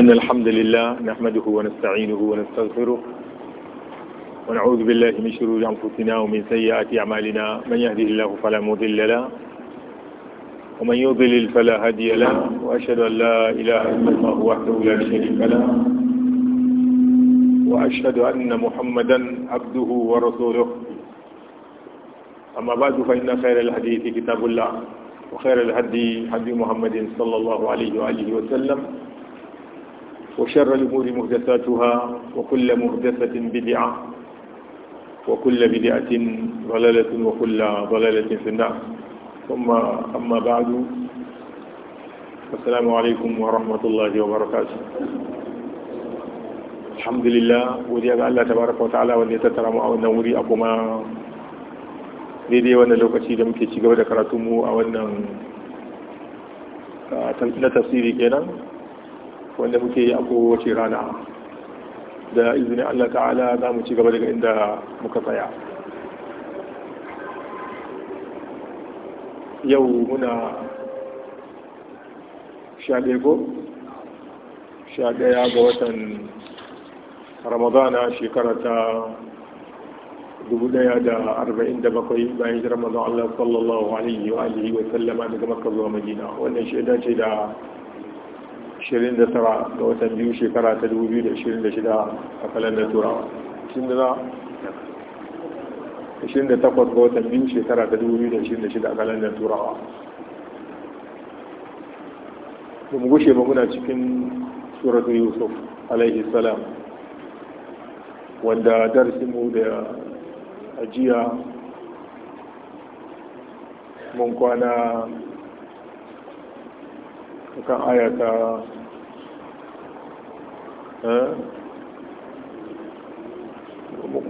إن الحمد لله نحمده ونستعينه ونستغفره ونعوذ بالله من شرور أنفسنا ومن سيئات أعمالنا من يهده الله فلا مضل له ومن يضلل فلا هادي له وأشهد أن لا إله إلا الله وحده لا شريك له وأشهد أن محمدا عبده ورسوله أما بعد فإن خير الحديث كتاب الله وخير الهدي هدي محمد صلى الله عليه وآله وسلم وشر الأمور مهدثاتها وكل مهدثة بدعة وكل بدعة ضلالة وكل ضلالة في النار ثم أما بعد السلام عليكم ورحمة الله وبركاته الحمد لله ودي الله تبارك وتعالى ودي تترمى أو نوري أبو ما daidai wannan lokaci da muke ci gaba da karatunmu a wannan na tafsiri kenan wanda muke yi a kowace rana da izini Allah ta'ala za mu ci gaba daga inda muka tsaya yau muna sha ɗaya ko sha ɗaya ga watan ramadana shekara ta bakwai bayan jiran mazan Allah sallallahu alaihi wa alihi wa sallama daga makar zuwa madina wannan shaida ce da 29 ga watan biyu shekara ta 2026 a kalandar turawa da 28 ga watan biyu shekara ta 2026 a kalandar turawa da mu gushe ba muna cikin suratu yusuf alaihi salam wanda simu da ajiya mun kwana Akan ayata eh,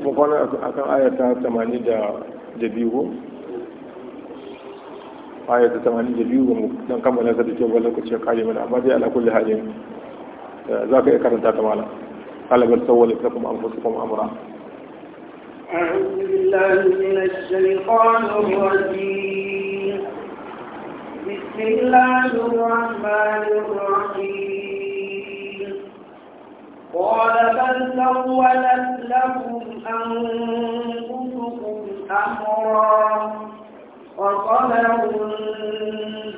mukwanar a kan ayata 82 ayata 82 don kammala ta da kyau wani lokaci ya kare mana amma dai ala kulli eh, za ka iya karanta ta mala kalabar tsawon da kuma amfasa kuma amura أعوذ بالله من الشيطان الرجيم بسم الله الرحمن الرحيم قال بل لكم أنفسكم أمرا وصبر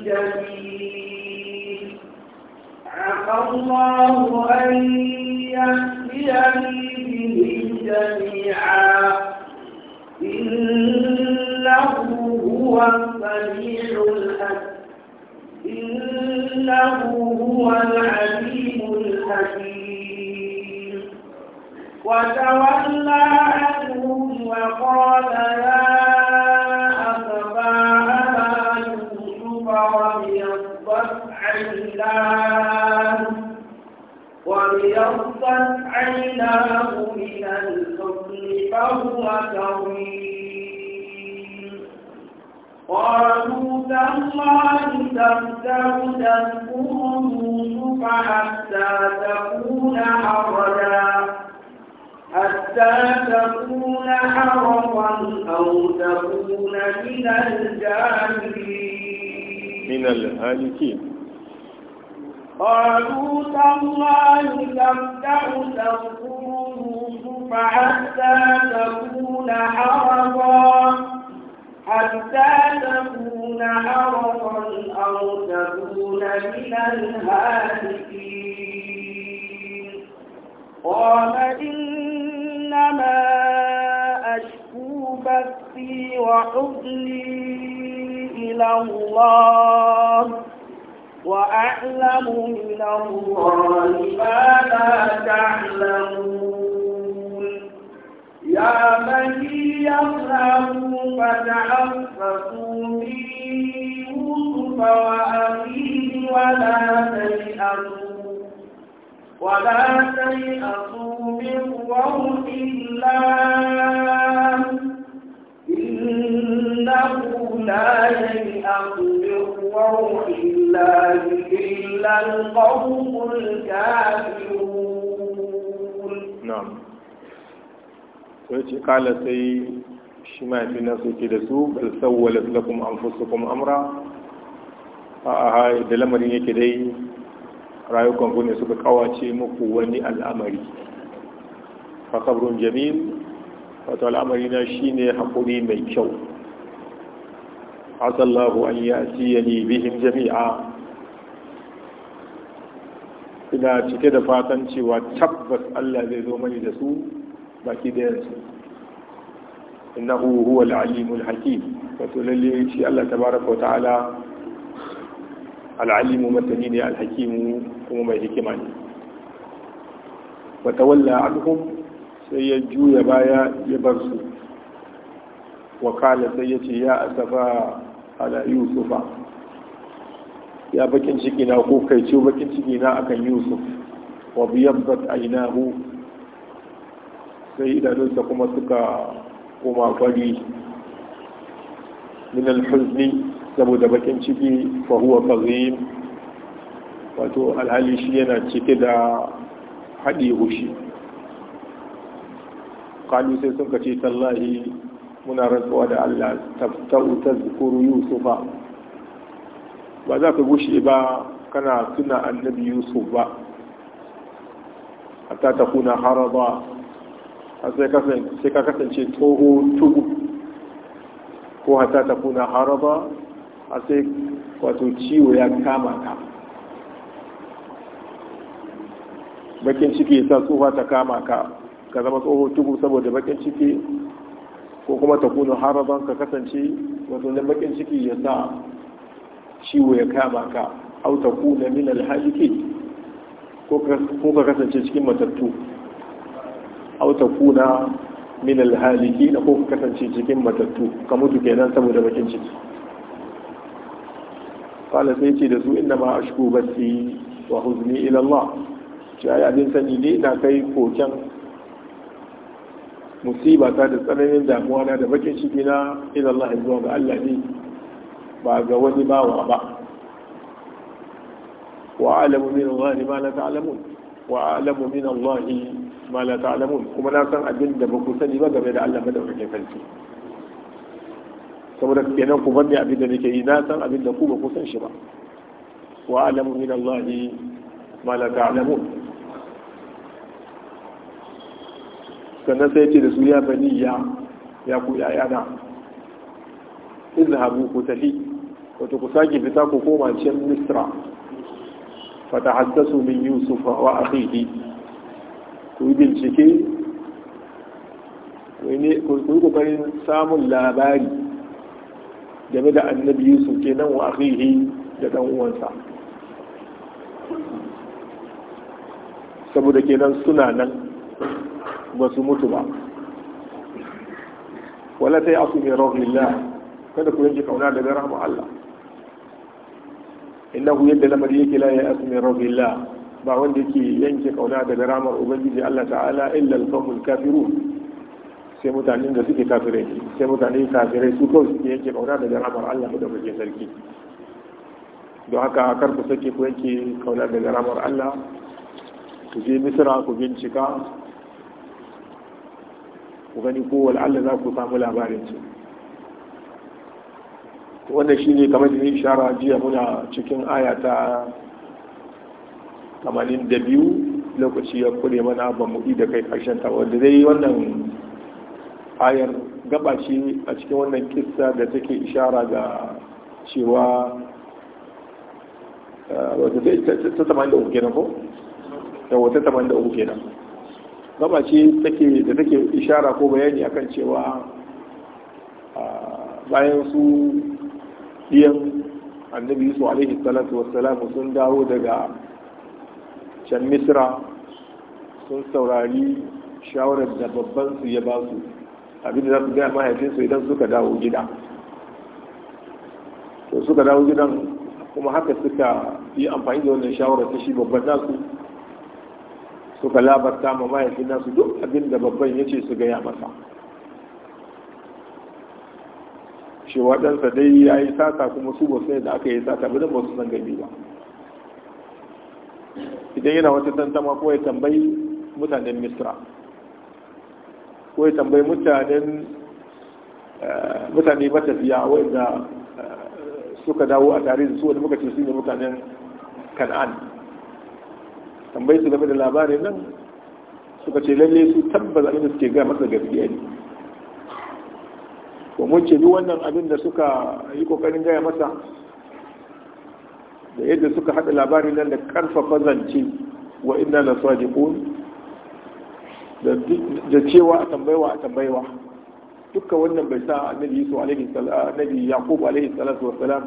جميل عفى الله أن يأتيني جميعا إنه هو السميع إنه هو العليم الحكيم وتولى عنهم وقال يا أبا أبا يوسف وابيضت عيناه وابيضت عيناه من الحزن فهو كظيم قالوا تالله تفتر تذكر يوسف حتى تكون حرجا حتى تكون حرقا أو تكون من الجاهلين من الهالكين قالوا تالله تفتأ تذكر يوسف حتى تكون حرقا حتى تكون عرفا أو تكون من الهالكين قال إنما أشكو بثي وحزني إلى الله وأعلم من الله ما لا تعلمون يا بني يظهروا فتعففوا في يوسف وأخيه ولا تيأسوا ولا تيأسوا من روح الله إنه لا ييأس من روح الله إلا القوم الكافرون نعم sai ce kala sai shi fi na soke da su bal lakum anfusukum amra a a da lamarin yake dai rayukan ku ne suka kawace muku wani al'amari fa sabrun jamil wato al'amari na shine hakuri mai kyau asallahu an ajiyani bihim jami'a ina cike da fatan cewa tabbas Allah zai zo mani da su baki dayansu innahu huwa al-alimul hakim wato lalle shi Allah tabaraka wa ta'ala al-alimu matani ne al kuma mai hikima ne wa tawalla anhum sai ya juya baya ya bar su wa kala sai ya ce ya asafa ala yusufa ya bakin ciki na ko kai ciwo bakin ciki na akan yusuf wa biyabbat ainahu sai idanunsa kuma suka koma fari min alhuzni saboda bakin ciki fa huwa wato alhali shi yana cike da haɗe hushi kalu sai sun ce tallahi muna rantsuwa da Allah taftau tazkuru yusufa ba za ka gushe ba kana tuna annabi yusuf ba hatta takuna haraba sai ka kasance toho tugu ko hata ta kuna haraba a sai wato ciwo ya kama ka bakin ciki ya sa tsofa ta kama ka ka zama tsoho tugu saboda bakin ciki ko kuma ta kuna haraban ka kasance wato na bakin ciki ya sa ciwo ya kama ka au ta kuna min alhaliki ko ka kasance cikin matattu aw takuna min alhaliki na ko kasance cikin matattu ka mutu kenan saboda bakin ciki qala sai ce da su inna ma ashku basi wa huzni ila Allah ce ai abin sani ne ina kai koken musiba ta da tsananin damuwa na da bakin ciki na ila Allah zuwa ga Allah ne ba ga wani bawa ba wa alamu min Allah ma la ta'lamun wa alamu min Allah ma la ta'lamun kuma na san abin da ba ku sani ba game da Allah madaukakin sarki saboda kenan ku banne abin da nake yi na san abin da ku ba ku san shi ba wa alamu min Allah ma la ta'lamun sannan sai ce da su ya bani ya ya ku ya yana izhabu ku tafi wato ku sake fita ku koma can misra fatahassasu min yusufa wa akhihi ku yi bincike ku yi kokarin samun labari game da annabi yusuf kenan wa akhihi da dan uwansa saboda kenan suna nan ba su mutu ba wala ta yi asu mai rahulillah kada ku yanke kauna daga rahama Allah innahu yadda lamari yake la ya asu mai rahulillah ba wanda yake yanke kauna daga ramar ubangiji Allah ta'ala illa al-qawmul kafirun sai mutanen da suke kafire sai mutanen kafirai su ko suke yanke kauna daga ramar Allah da kuke sarki don haka kar ku sake ku yanke kauna daga ramar Allah ku je misira ku bincika ku gani ko Allah za ku samu labarin su wannan shine kamar da ni ishara jiya muna cikin aya ta tamanin da biyu lokaci ya kure mana ba mu da kai karshen ta wanda zai wannan ayar gabashi a cikin wannan kissa da take ishara ga cewa eh, wata ta tamanin da uku kenan ko? da wata tamanin da uku kenan da take ishara ko bayani akan cewa ah, bayan su biyan annabi su alaihi salatu wassalamu sun dawo daga can misra sun saurari shawarar da babban su ya ba su abinda za su gaya mahaifinsu idan suka dawo gida to suka dawo gidan kuma haka suka yi amfani da wannan shawarar ta shi babban nasu suka labarta ma mahaifin nasu duk abin da babban ya ce su gaya masa shi waɗansa dai ya yi sata kuma su ba da aka yi sata ba da ba su san gani ba idan yana wata tantama ko ya tambayi mutanen misra ko ya tambayi mutanen eh, mutane matafiya wadda eh, suka dawo a tarihi su wani muka ce su ne mutanen kan'an tambayi su game da labarin nan suka ce lalle su tabbata abin da suke gaya masa gaskiya ne ko mun ce duk wannan abin da suka yi kokarin gaya masa da yadda suka haɗa labarin nan da ƙarfafa zance wa inna na sadiqun da cewa a tambaiwa a tambaiwa dukkan wannan bai sa annabi yusuf alaihi annabi yaqub alaihi salatu wassalam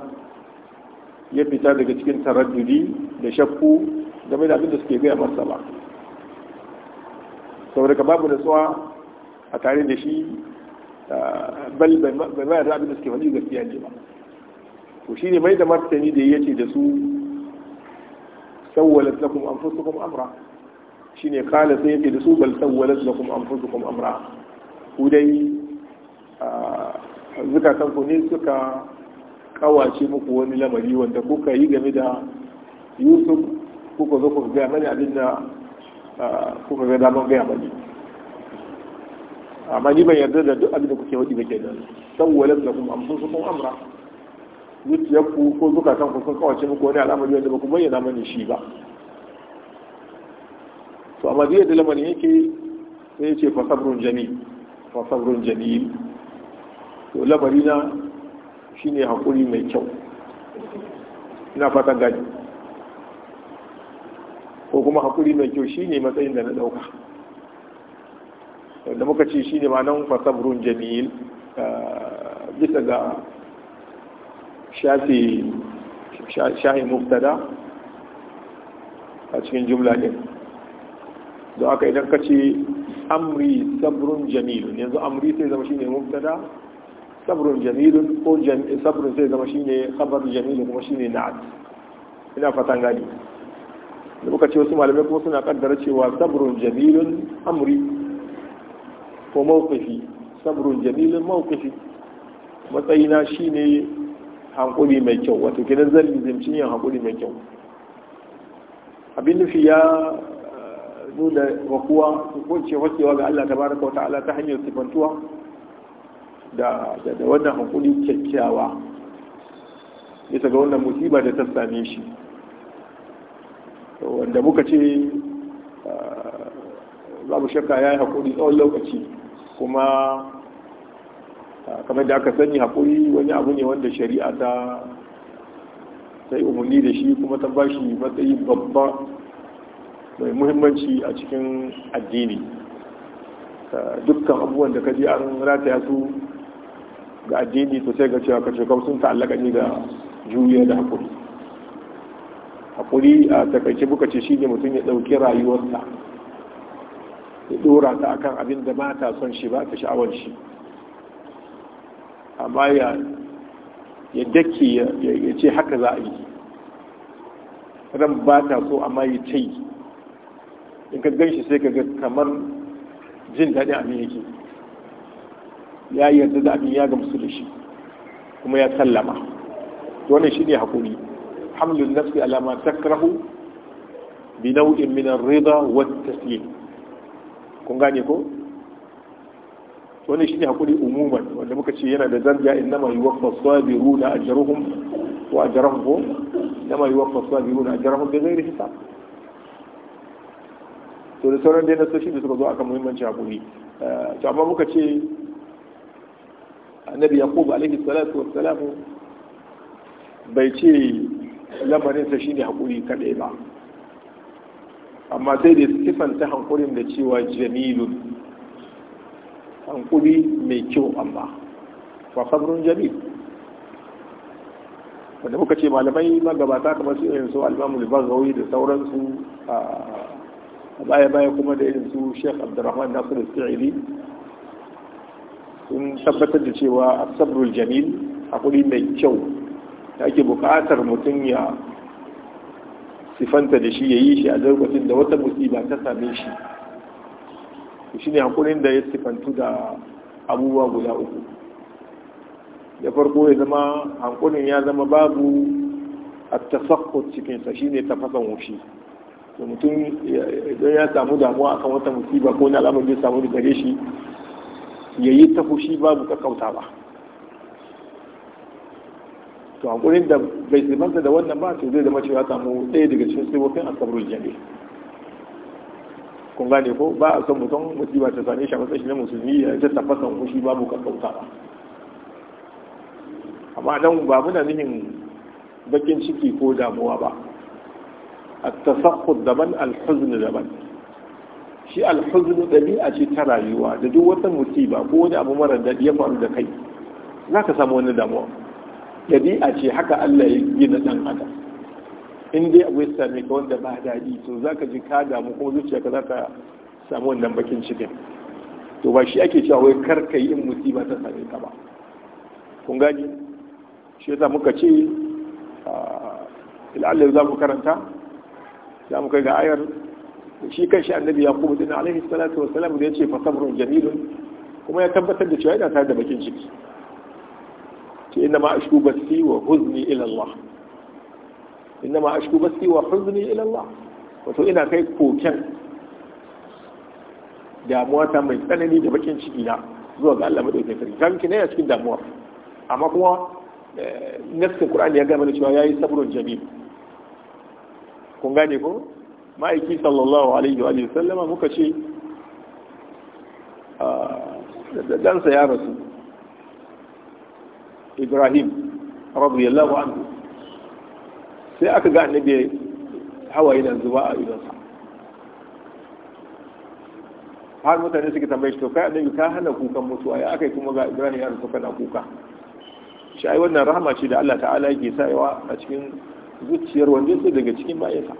ya fita daga cikin taraddudi da shakku game da abin da suke gaya masa ba saboda ka babu tsawa a tare da shi ah, bal bai ma da abin da suke faɗi gaskiya ne ba to shi ne mai da martani da ya ce da su sawwalat lakum anfusukum amra shi ne kala sai ya ce da su bal sawwalat lakum anfusukum amra ku dai san ku ne suka kawace muku wani lamari wanda kuka yi game da yusuf kuka zo kuka gaya mani abin da kuka ga damar gaya mani amma ni ban yarda da duk abin da kuke wadi ba kenan sawwalat lakum anfusukum amra zuciyarku ko zukatanku sun kawace muku wani al'amari wanda ba ku bayyana mani shi ba to amma zai da lamarin yake sai ce fasabrun sabrun fasabrun fa to lamari na shine hakuri mai kyau ina fatan gani ko kuma hakuri mai kyau shine matsayin da na dauka da muka ce shine ma nan Fasabrun Jami'in eh, bisa ga shafi shahi muktada a cikin jumla ne don aka idan ka ce amri sabrun jamilun yanzu amri sai zama shine muktada sabrun jamilun ko sabrun sai zama shine khabar jamilun kuma shine na'at ina fatan gani da muka ce wasu malamai kuma suna kaddara cewa sabrun jamilun amri ko mawqifi sabrun jamilun mawqifi matsayina shine hankuri mai kyau wato gidan zan lizimci yin hankuri mai kyau abin nufi ya eh, nuna wakuwa ko ce wakewa ga Allah Ta wa ta'ala ta hanyar sifantuwa da wannan hankuri kyakkyawa bisa ga wannan musiba da ta same shi wanda muka ce eh, babu shakka ya yi hakuri tsawon lokaci kuma kamar da aka sani hakuri wani abu ne wanda shari'a ta sai umarni da shi kuma ta ba shi matsayi babba mai muhimmanci a cikin addini dukkan abubuwan da kaji an rataya su ga addini to sai ga cewa ka shekaru sun ta'allaka ne da juriya da haƙuri haƙuri a takaice muka ce shi ne mutum ya ɗauki rayuwarsa ya ɗora ta akan abin da ba ta son shi ba ta sha'awar shi amma ya ya dake ya ce haka za a yi ran ba ta so amma ya ce in ka gan shi sai ka ga kamar jin daɗin abin yake ya yarda da abin ya gamsu da shi kuma ya sallama to wannan shine hakuri hamlun nafsi ala ma takrahu bi naw'in min ar-ridha wat taslim kun gane ko wannan shine hakuri umuman wanda muka ce yana da zarja innama yuwaffa sabiruna ajruhum wa ajruhum ko innama yuwaffa sabiruna ajruhum bi ghairi hisab to da sauran dai sashi da suka zo akan muhimmanci hakuri eh, to amma muka ce annabi yaqub alaihi salatu salamu bai ce lamarin sa shine hakuri kadai ba amma sai da sifanta hankulin da cewa jamilun hankuri mai kyau amma wa sabrun jami wanda muka ce malamai magabata kamar su irin su almamu libarrawi da sauransu a baya-baya kuma da irin su sheikh abdurrahman nasiru fi'ili sun tabbatar da cewa sabrul a hakuri mai kyau da ake bukatar mutum ya sifanta da shi ya yi shi a lokacin da wata musiba ta same shi shi ne hankulin da ya sifantu da abubuwa guda uku da farko ya zama hankulin ya zama babu a tasakkot cikinsa shi ne tafasan wushi da mutum idan ya samu damuwa akan wata musiba ko na al'amari ya samu da gare shi ya yi ta fushi babu kakauta ba to hankulin da bai zimanta da wannan ba to zai zama cewa samu ɗaya daga cikin sifofin asabar jami'a kun gane ko ba a son mutum musiba ta same shi a na musulmi ya ta tafasan kushi babu ba. amma nan ba muna nihin bakin ciki ko damuwa ba a tasakhud daban alhuzn daban shi alhuzn a ce ta rayuwa da duk wata musiba ko wani abu mara daɗi ya faru da kai za ka samu wani damuwa a ce haka Allah ya gina ɗan adam in dai abu ya same ka wanda ba daɗi to za ka ji ka damu kuma zuciya ka za ta samu wannan bakin cikin to ba shi ake cewa wai kar ka yi in musiba ta same ka ba kun gani shi yasa muka ce ilalle za mu karanta za mu kai ga ayar shi kan shi annabi ya kuma dina alaihi salatu wasalam da ya ce fasabrun jamilun kuma ya tabbatar da cewa yana tare da bakin ciki ce inna ma ashku basi wa huzni ila Allah inna ma ashku basi wa huzni ila Allah wato ina kai koken damuwa ta mai tsanani da bakin ciki na zuwa ga Allah madaukakin sarki kan ne a cikin damuwa amma kuma nafsin Qur'ani ya gama mana cewa yayi sabrun jamil kun gane ko ma'aiki sallallahu alaihi wa sallama muka ce da dansa ya rasu Ibrahim radiyallahu anhu sai aka ga annabi hawa yana zuba a idonsa har mutane suke tambaye shi to kai annabi ka hana kukan mutuwa ya aka yi kuma ga ibrahim ya rasu kana kuka shi ai wannan rahama ce da Allah ta'ala yake sayawa a cikin zuciyar wanda yake daga cikin bayansa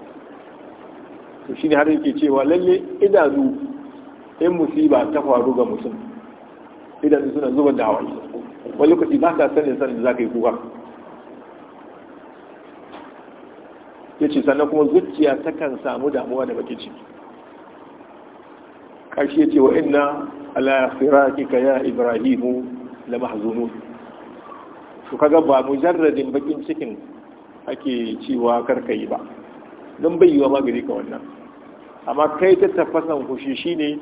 to shine har yake cewa lalle idanu in musiba ta faru ga mutum idanu suna zuba da hawaye wani lokaci ba ka sanin sanin da za ka yi kuka yace sannan kuma zuciya ta kan samu damuwa da baki ciki ya ce wa inna alafira kika ya ibrahimu la mahzunun to kaga ba mu jarradin bakin cikin ake cewa karka yi ba don bai yiwa magari ka wannan amma kai ta tafasan kushi shine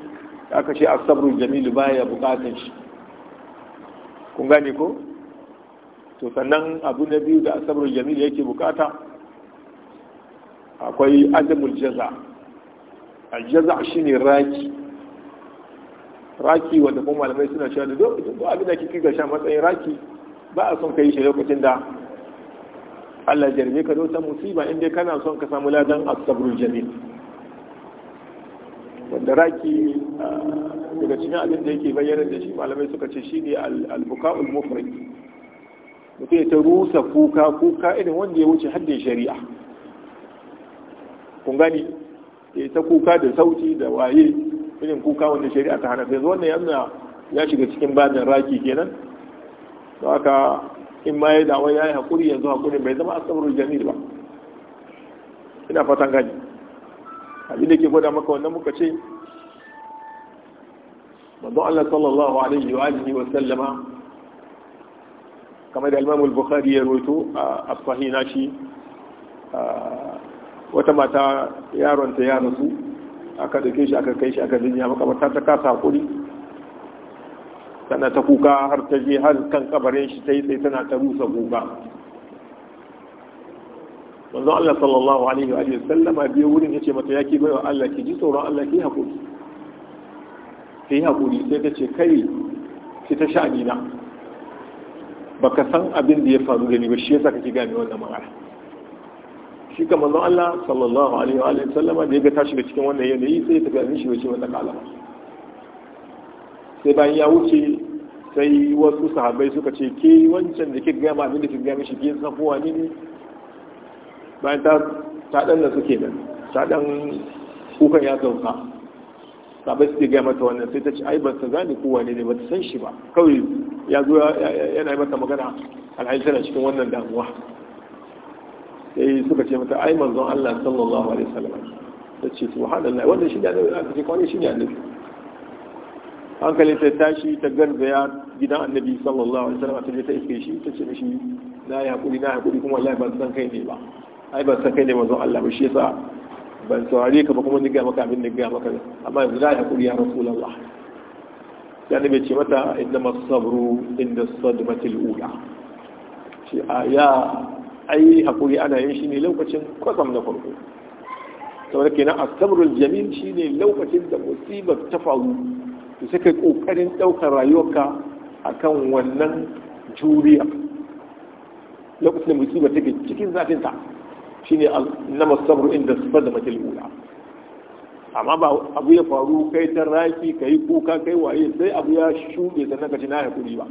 aka ce asabru jamilu baya bukatun shi kun gane ko to sannan abu na biyu da asabru jamilu yake bukata akwai adamul jaza al-jaza shi ne raki raki wanda kuma malamai suna cewa da lokacin da abin da ke ga sha matsayin raki ba a son kai shi lokacin da Allah jarme ka ta musiba inda kana son ka samu ladan asabrul jamil wanda raki ah, daga cikin abin da yake bayyana da shi malamai suka ce shi al-buka'ul mufrad mutum ya ta rusa kuka kuka irin wanda ya wuce haddin shari'a kun gani eh, ta kuka da sauti da waye irin kuka wanda shari'a ta hana sai wannan yana ya shiga cikin bajin raki kenan don ka in ma ya dawo ya yi haƙuri yanzu haƙuri bai zama asabarul jamil ba ina fatan gani abinda da ke gwada maka wannan muka ce manzon Allah sallallahu alaihi wa alihi wa sallama kamar da Imam Bukhari ya roto a sahih nashi wata mata yaronta ya rasu aka dake shi aka kai shi aka jinya makamata ta kasa kuri tana ta kuka har ta je har kan kabarin shi ta yi sai tana ta rusa kuka manzon Allah sallallahu alaihi wa sallama biyu wurin ya ce mata ya ke bai wa Allah ki ji tsoron Allah ki hakuri ki hakuri sai ta ce kai ki ta sha'ani na ka san abin da ya faru da ni ba shi ya ka ki gane wannan magana shi ga manzon Allah sallallahu alaihi wa sallama da ya tashi da cikin wannan yanayi sai ya tafi abin shi wace wannan kalama sai bayan ya wuce sai wasu sahabbai suka ce ke wancan da kika ma abin da kika ga shi ke san kowa ne ne bayan ta ta dan da suke nan ta dan kukan ya sauka sahabbai suke gaya mata wannan sai ta ce ai ba ta gane kowa ne ne ba ta san shi ba kawai ya zo yana yi mata magana alhaji tana cikin wannan damuwa sai suka ce mata ai manzon Allah sallallahu alaihi wasallam ta ce subhanallah wannan shi da annabi aka ce shi ne annabi hankali ta tashi ta garzaya gidan annabi sallallahu alaihi wasallam ta je ta iske shi ta ce mishi na yi hakuri na hakuri kuma wallahi ban san kai ne ba ai ban san kai ne manzon Allah ba shi yasa ban saurare ka ba kuma ni ga maka abin da ga maka amma yanzu na yi hakuri ya rasulullah ya nabi ce mata inna masabru inda sadmatil ula shi ah, ya ai hakuri ana yin shi ne lokacin kwatsam na farko saboda kenan jami'in shi shine lokacin da musibar ta faru to sai kai kokarin daukar rayuwarka akan wannan juriya lokacin da musibar take cikin zafin ta shine nama sabru inda mace lura amma ba abu ya faru kai ta rafi yi kuka kai waye sai abu ya shuɗe sannan ka ci na hakuri ba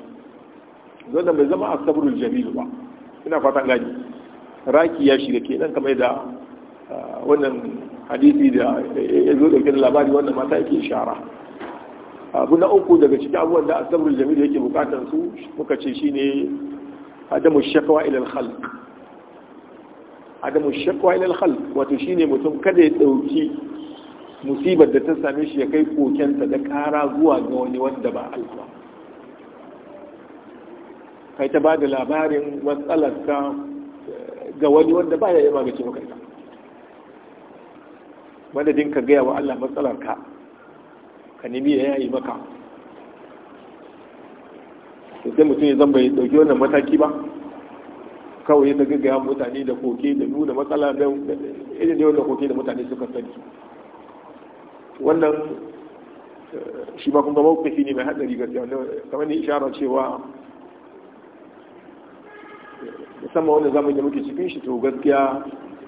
da bai zama a asabrul jami'in ba ina fatan gani raki ya shiga kenan kamar da ah, wannan hadisi da ya zo da da labari wannan mata yake shara abu na uku daga cikin abubuwan da asabar jami'ar yake bukatar su muka ce shine adamu shakawa ilal khal. adamu shakawa ilal khal wato shine mutum kada ya dauki musibar da ta same shi ya kai kokenta da kara zuwa ga wani wanda ba Allah kai ta ba da labarin matsalarka eh, ga wani wanda ba ya yi magaci maka ita madadin ka gaya wa Allah matsalarka ka nemi ya yi maka sai mutum ya zan bai dauki wannan mataki ba kawai ya gaggaya mutane da koke da nuna matsala da irin da wannan koke da mutane suka sani wannan eh, shi ma kuma mawukafi ne mai haɗari gaskiya kamar ne ishara cewa musamman wanda zamu da muke cikin shi to gaskiya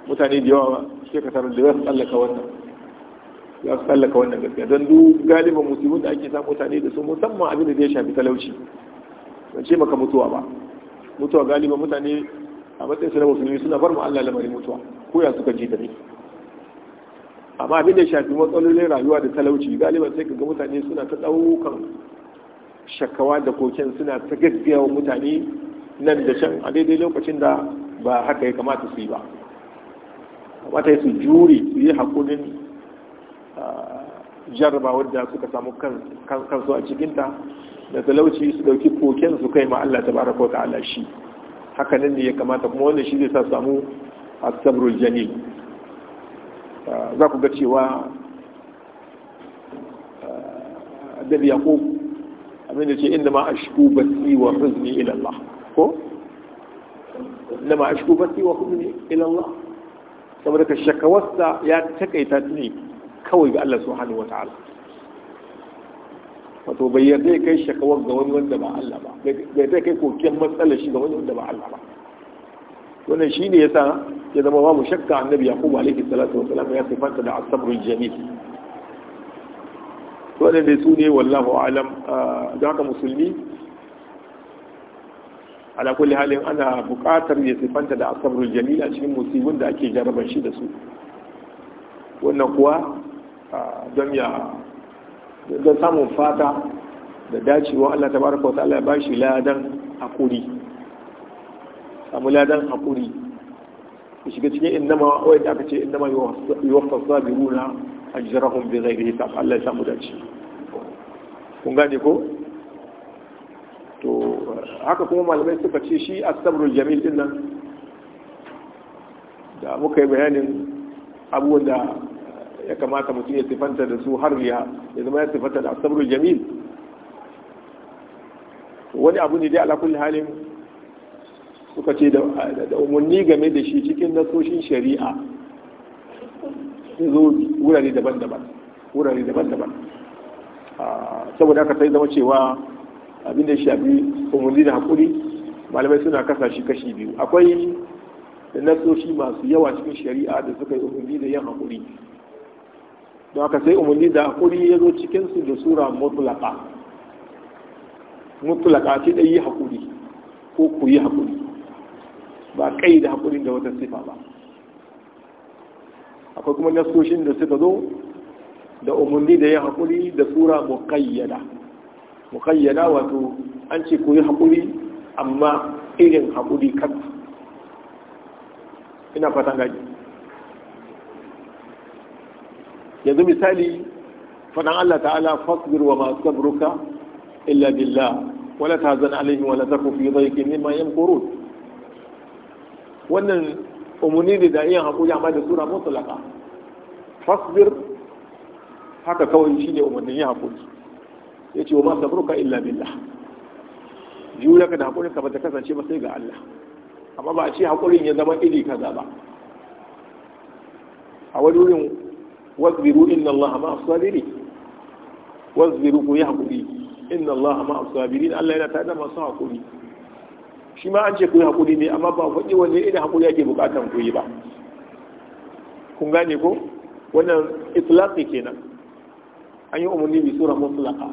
mutane da yawa suke kasar da za su tsallaka wannan ya su tsallaka wannan gaskiya don duk galiban musibin da ake sa mutane da su musamman abin da zai shafi talauci ban ce maka mutuwa ba mutuwa galiban mutane a matsayin su na musulmi suna bar mu Allah lamarin mutuwa ko ya suka ji da ne amma abin da shafi matsalolin rayuwa da talauci galiban sai kaga mutane suna ta ɗaukan shakawa da koken suna ta gaggawa mutane nan da can a daidai lokacin da ba haka ya kamata su yi ba kamata su juri su yi hakunin jarba wadda suka samu kansu a cikinta da talauci su dauki koken su kai ma Allah tabaraka wa ta'ala shi haka nan ne ya kamata kuma wannan shi zai sa samu asabrul jani za ku ga cewa da yaqub abin da ce inda ma ashku basi wa huzni ila Allah ko lama ashku basi wa hubni ila Allah saboda ka shakawarsa ya takaita ne kawai ga Allah subhanahu wato bai yarda kai shakawar ga wani wanda ba Allah ba bai kai koken matsalar shi ga wani wanda ba Allah ba wannan shi yasa ya zama ba mu shakka annabi kuma alaihi salatu salam ya sifanta da asabrin sabrul jamil waɗanda su ne wallahu alam ah, da haka musulmi ala kulli halin ana buƙatar ya sifanta da asabrul jamil a cikin musibin da ake jarabar shi da su wannan kuwa don ya don samun fata da dacewa Allah ta baraka wata Allah ya bashi ladan hakuri samu ladan hakuri ku shiga cikin innama wai da aka ce innama yuwaffa sabiruna ajrahum bi ghairi hisab Allah ya samu dace kun gane ko to haka kuma malamai suka ce shi a asabrul jamil din nan da muka yi bayanin abubuwan da ya kamata mutum ya sifanta da su har ya zama ya sifanta da asabrul jami'in wani abu ne dai alhakun halin suka ce da umarni game da shi cikin nasoshin shari'a ya zo wurare daban-daban wurare daban-daban ah, saboda aka sai zama cewa abin da shafi umarni da haƙuri malamai suna kasa shi kashi biyu akwai da nasoshi masu yawa cikin shari'a da suka yi umarni da yin haƙuri don aka sai umarni da haƙuri ya zo cikinsu da sura mutulaka mutulaka ce da yi haƙuri ko ku yi haƙuri ba kai da haƙurin da wata sifa ba akwai kuma nasoshin da suka zo da umarni da yin haƙuri da sura muƙayyada muqayyada wato an ce ku yi haƙuri amma irin haƙuri kan ina fatan gaji yanzu misali faɗan Allah ta'ala fasbir wa masu sabruka illa billah wala ta zan alaihi wala ta kufi zai ke neman yan koro wannan umarni ne da iya haƙuri amma da sura mutulaka fasbir haka kawai shi ne umarnin yin haƙuri ya ce wa ma sabruka illa billah juriyarka da haƙurin ka bata kasance ba sai ga Allah amma ba a ce haƙurin ya zama iri kaza ba a wani wurin wasbiru inna Allah ma asabiri wasbiru ku yi haƙuri inna Allah ma asabiri Allah yana tada masu haƙuri shi ma an ce ku yi haƙuri ne amma ba faɗi wanne irin haƙuri ake buƙatar ku yi ba kun gane ko wannan itlaqi kenan an yi umarni bi sura mutlaqa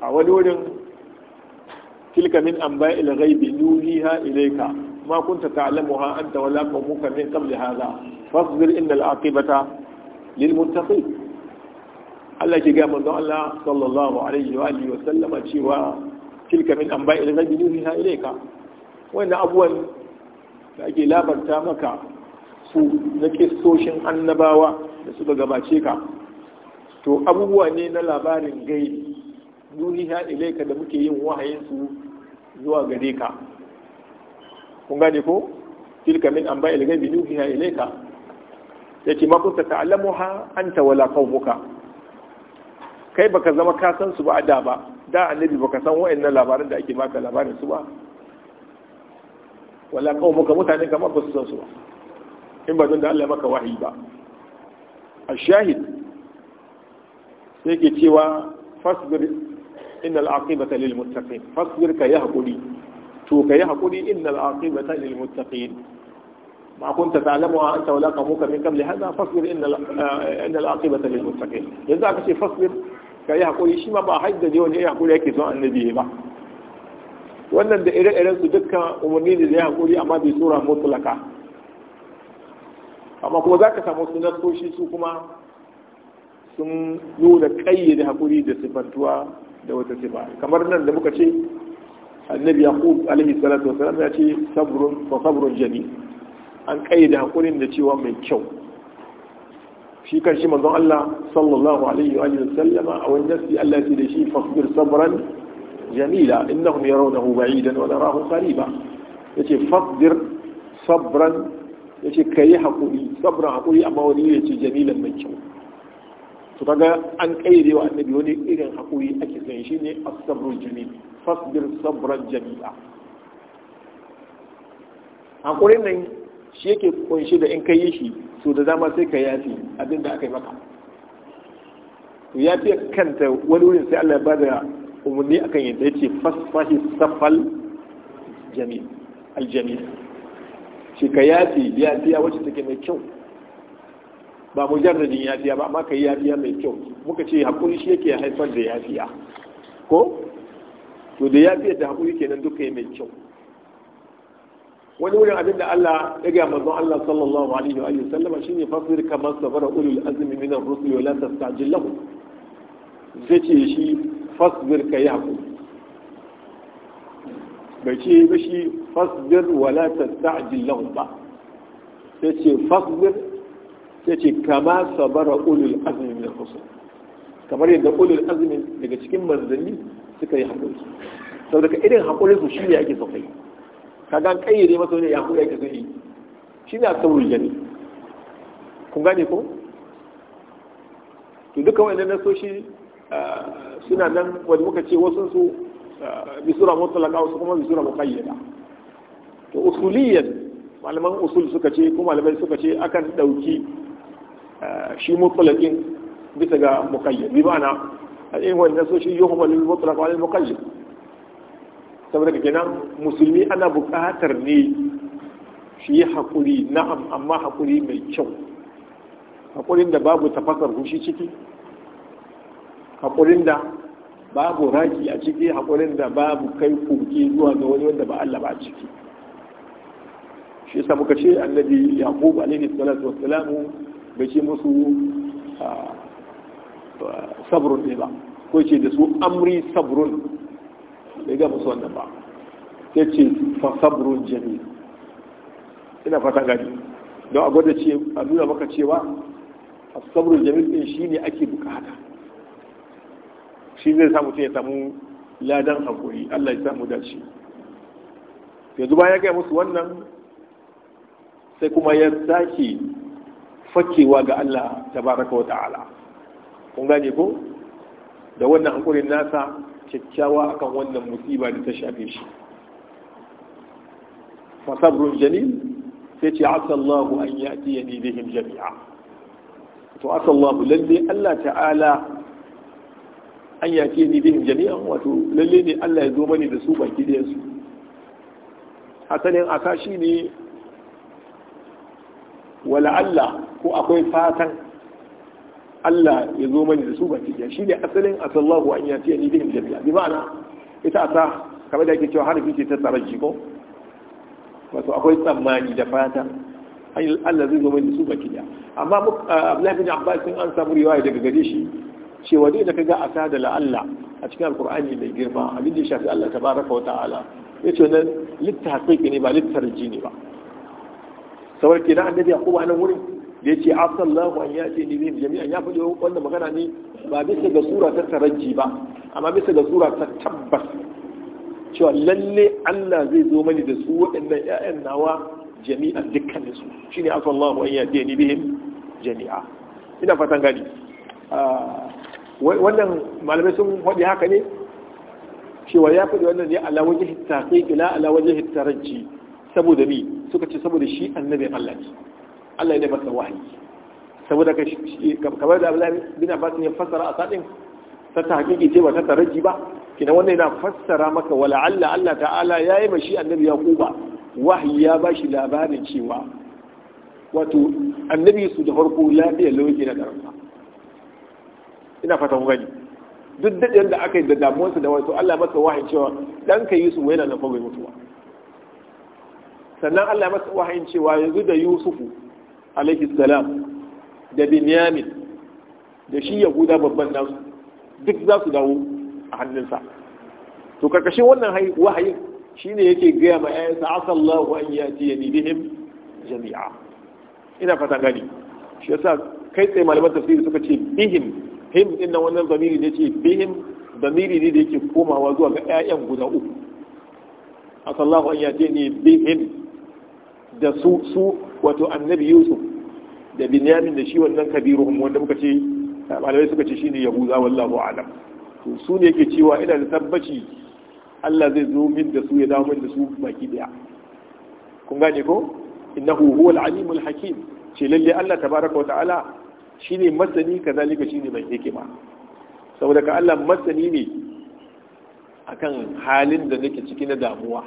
a wani wurin tilka min anba'il ghaibi nuhiha ilayka ma kunta ta'lamuha anta wala qawmuka min qabli hadha fasbir innal aqibata lil muttaqin Allah ke ga manzon Allah sallallahu alaihi wa alihi wa sallama cewa tilka min anba'il ghaibi nuhiha ilayka wannan abuwan da ake labarta maka su na kistoshin annabawa da suka gabace ka to abubuwa ne na labarin gaibi duniya ilaika da muke yin wahayin su zuwa gare ka kun gane ko tilka min amba ilgaibi nuhiha ilaika yace ma kunta ha anta wala qawmuka kai baka zama ka san su ba a da ba da annabi baka san wa'annan labaran da ake baka labarin su ba wala qawmuka mutane ka ba su san su ba in ba don da Allah maka wahayi ba a shahid sai ke cewa fasbir innal aqibata lil muttaqin fasbir ka yi yahquli to ka yi yahquli innal aqibata lil muttaqin ma kunta ta'lamu an ka qawmuka min qabli hadha fasbir innal eh, innal aqibata lil muttaqin yanzu aka ce fasbir ka yahquli shi ma ba haddaje wani yahquli yake so annabi ba wannan da ire-iren su dukkan umarni ne da ya haƙuri amma bai tura mutulaka amma kuma za ka samu sunar su kuma sun nuna kayyade haƙuri da sifantuwa da wata sifa kamar nan da muka ce annabi yaqub alaihi salatu wasalam ya ce sabrun fa sabrun jami an kaida hakurin da cewa mai kyau shi kan shi manzon Allah sallallahu alaihi wa alihi sallama a wani nasi Allah ya da shi fasbir sabran jamila innahum yarawnahu ba'idan wa narahu qariba yace fasbir sabran yace kai hakuri sabran hakuri amma wani yace jamilan mai kyau to daga an kayyade wa annabi wani irin haƙuri ake sanya shi ne as-sabrul jamil fasbir sabran jami'a haƙurin nan shi yake kunshi da in ka yi shi so da dama sai ka yafi abin da aka yi maka to ya fi kanta wani wurin sai Allah ya bada umarni akan yadda ya ce fasfahi safal jami'a aljami'a shi ka yafi ya fiya wacce take mai kyau ba mu mujarradin yafiya ba amma kai yafiya mai kyau muka ce hakuri shi yake haifar da yafiya ko to da yafiya da hakuri kenan duka mai kyau wani wurin abin da Allah ya ga manzon Allah sallallahu alaihi wa sallam shine fasir kamar safara ulul azmi min ar-rusul wa la tastajil lahu sai ce shi fasbir ka yaku bai ce ba shi fasbir wa la tastajil lahu ba sai ce fasbir sai ce kama sabara ulul azumin min kusa kamar yadda ulul azumin daga cikin manzanni suka yi sau daga irin hakurin su shine ake so ka kaga kayyade masa ne ya hakuri ake so shi shine a saurin gani kun gane ko to duka na nasoshi ah, suna nan wani muka ce wasu su ah, bisura mutalaka wasu kuma bisura muqayyada to usuliyan malaman usul suka ce ko malamai suka ce akan dauki shi mutlaqin bisa ga muqayyad bi ma'ana in eh, wannan so shi yuhu wal mutlaq ne? muqayyad saboda ga kenan musulmi ana buƙatar ne shi yi haƙuri na'am amma haƙuri mai kyau haƙurin da babu tafasar hushi ciki haƙurin da babu raki a ciki haƙurin da babu kai koke zuwa ga wani wanda ba Allah ba a ciki shi yasa muka ce annabi yaqub alaihi salatu wassalamu bai ce musu ah, sabrun ne ba ko ce da su amri sabrun bai ga musu wannan ba ya ce fa sabrun jami ina fata gani don a gwada ce a nuna maka cewa a sabrun jami ɗin shi ne ake bukata shi zai samu ya samu ladan hankuri allah ya samu dace yanzu ba ya gaya musu wannan sai kuma ya sake fakewa ga Allah tabaraka wa ta'ala kun gane ko da wannan hankulin nasa kyakkyawa akan wannan musiba da ta shafe shi fasabrun jamil sai ce asallahu an yati yani bihim jami'a to asallahu lalle Allah ta'ala an yati yani bihim jami'a wato lalle ne Allah ya zo mani da su baki da su hasalin aka shi ne wala Allah ko akwai fatan Allah ya zo mani da su ba cikiya shi ne asalin asallahu an yafiya ni bihin jami'a bi ma'ana ita asa kamar da ake cewa har harfi ce ta tsaraji ko wato akwai tsammani da fata Allah zai zo mani da su ba cikiya amma Abdullahi bin Abbas sun an samu riwaya daga gare shi cewa dai da kaga asa da la'alla a cikin alkur'ani mai girma abin da ya shafi Allah tabaraka wa ta'ala ya yace nan littafi ne ba littarji ne ba saboda kenan annabi yaqub a nan wurin da ce yace na an yati ni bihim jami'an ya faɗi wanda magana ne ba bisa ga tsura ta taraji ba amma bisa ga tsura ta tabbas cewa lalle Allah zai zo mani da su waɗannan 'ya'yan nawa jami'an dukkanin su shine na an yati ni bihim jami'a ina fatan gani ah, wannan malamai sun faɗi haka ne cewa ya faɗi wannan ne ala wajen sai ila ala wajen hittaraji saboda ni suka ce saboda shi annabin Allah ne Allah ya masa wahayi saboda ka kamar da Allah bin Abbas ne fassara a sadin ta ta hakiki ce ba ta taraji ba kina wannan yana fassara maka wala Allah Allah ta'ala yayi mashi annabi Yaquba wahayi ya bashi labarin cewa wato annabi su da farko lafiya lauki na karfa ina fatan gani duk daɗin da aka yi da damuwarsa da wato Allah masa wahayi cewa ɗanka Yusuf yana nan fa bai mutuwa sannan Allah masa wahayin cewa yanzu da Yusufu alaihi salam da binyamin da shi yahuda babban nasu duk za su dawo a hannunsa to karkashin wannan wahayin shi ne yake gaya ma ayyansa asallahu an yati bihim jami'a ina fata gani shi yasa kai tsaye malaman tafsiri suka ce bihim him din nan wannan zamiri ne ce bihim zamiri ne da yake komawa zuwa ga 'ya'yan guda uku asallahu an yati bihim da su su wato annabi yusuf da binyamin da shi wannan kabiruhum wanda muka ce malamai suka ce shine yahuza wallahu alam to su ne yake cewa ina da tabbaci Allah zai zo min da su ya dawo min da su baki daya kun gane ko innahu huwal alimul hakim ce lalle Allah tabaraka wa ta'ala shine masani kazalika shine mai hikima saboda ka Allah masani ne akan halin da nake ciki na damuwa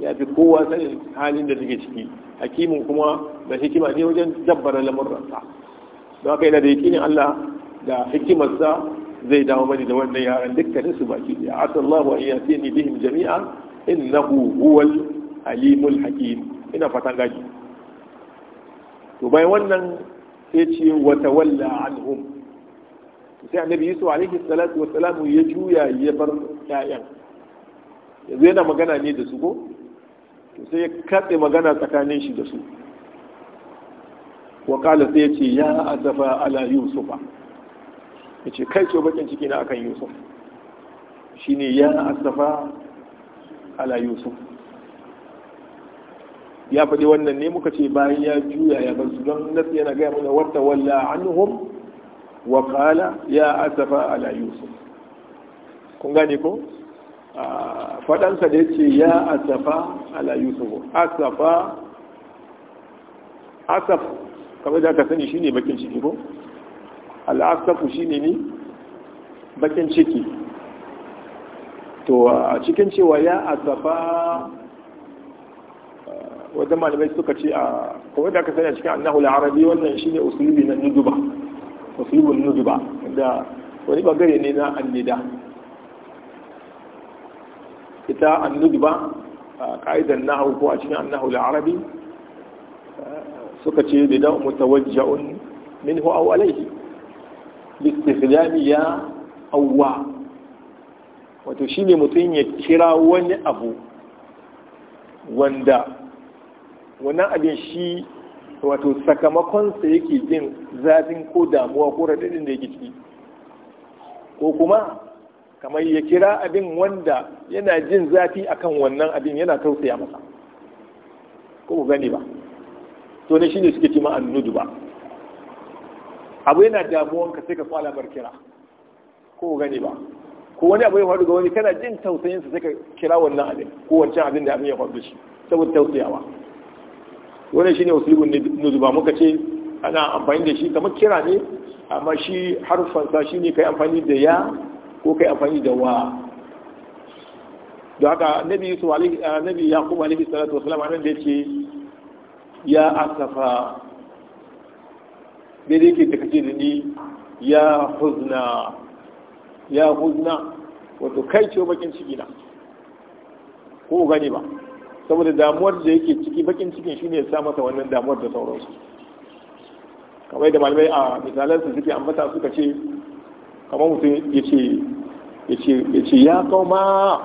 ya fi kowa sanin halin da nake ciki hakimin kuma da hikima ne wajen dabbara lamurransa don haka yana da yakinin Allah da hikimarsa zai dawo mani da wannan yaran dukkanin su baki da ya Allah wa iyati ni bihim jami'a innahu huwal alimul hakim ina fatan gaji to bayan wannan sai ce wa tawalla anhum sai annabi yusuf alaihi salatu wa salam ya juya ya bar ƴaƴan yanzu yana magana ne da su ko sai ya katse magana tsakanin shi da su wakala sai ya ce ya azafa ala yusufa ya ce kai ce bakin ciki na akan yusuf Shi ne ya azafa ala yusuf ya faɗi wannan ne muka ce bayan ya juya ya bar su don nasu yana gaya mana warta walla anhum wa qala ya asafa ala yusuf kun gane ko Ah, faɗansa da ya ce ya asafa ala yusufu asafa asaf kamar da aka sani shine bakin ciki ko al'asafu shine ne bakin ciki to a cikin cewa ya asafa ah, wadda malamai suka ce a ah, kawai da aka sani a cikin annahu la'arabi wannan shine usulubi na nuduba usulubin nuduba da wani bagare ne na annida ita annudba ka'idar nahawu ko a cikin annahu al-arabi suka ce bidan mutawajja'un minhu aw alayhi bi ya awwa wato shine mutum ya kira wani abu wanda wannan abin shi wato sakamakonsa yake jin zafin ko damuwa ko radadin da yake ciki ko kuma kamar ya kira abin wanda yana jin zafi akan wannan abin yana tausaya masa ko ku gani ba to ne shine suke cima nudu ba abu yana damuwan ka sai ka fara bar kira ko ku gani ba ko wani abu ya faru ga wani kana jin tausayin sa sai ka kira wannan abin ko wancan abin da abin ya faru shi saboda tausayawa wani shine nudu ba muka ce ana amfani da shi kamar kira ne amma shi harfansa shine kai amfani da ya ko kai amfani da wa da haka nabi yusuf eh, nabi yaqub alaihi salatu wasalam nan da yace ya asafa daidai ke take da ni ya huzna ya huzna wato kai ce bakin ciki na ko gani ba saboda damuwar da yake ciki bakin cikin shine ya sa masa wannan damuwar da sauransu kamar da malamai a misalarsa suke ambata suka ce kamar mutum ya ce yace ya kauma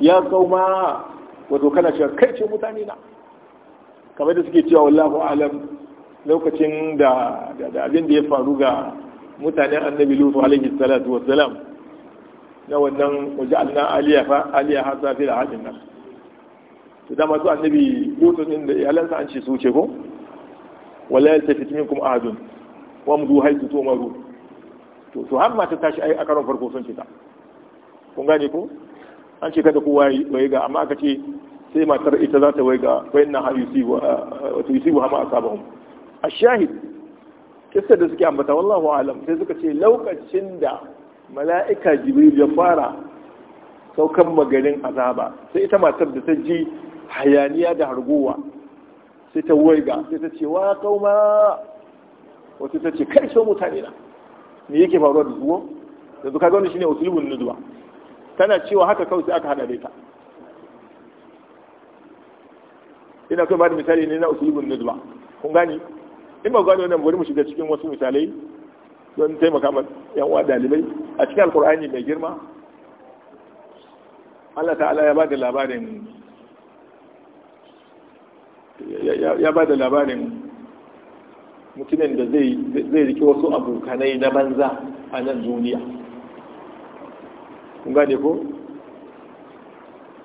ya kauma wato kana cewa kai ce mutane na kamar da suke cewa wallahu alam lokacin da da abin da ya faru ga mutanen annabi lutu alaihi salatu wassalam na wannan waja'alna aliya fa aliya ta fi da hadin nan to dama su annabi lutu din da iyalansa an ce su ce ko wala yaltafit minkum ahadun wamdu to maru to su har mata tashi a karon farko sun ce ta kun gane ko an ce kada kowa waye ga amma aka ce sai matar ita za ta waye ga wayannan ha yusibu wato yusibu hama asabahum ashahid kissa da suke ambata wallahu alam sai suka ce lokacin da mala'ika jibril ya fara saukan magarin azaba sai ita matar da ta ji hayaniya da hargowa sai ta waiga sai ta ce wa kauma wata ta ce kai so mutane na Ne yake faruwa da zuwa zuka gani shi ne usulubun nuduwa tana cewa haka kawai sai aka hada da ita ina so ba da misali ne na usulubun nuduwa kun gani in ba gani wannan bari mu shiga cikin wasu misalai don taimaka ma yan uwa dalibai a cikin alkur'ani mai girma Allah ta'ala ya ba da labarin ya bada labarin mutumin da zai rike wasu abokanai na banza a nan duniya kun gane ko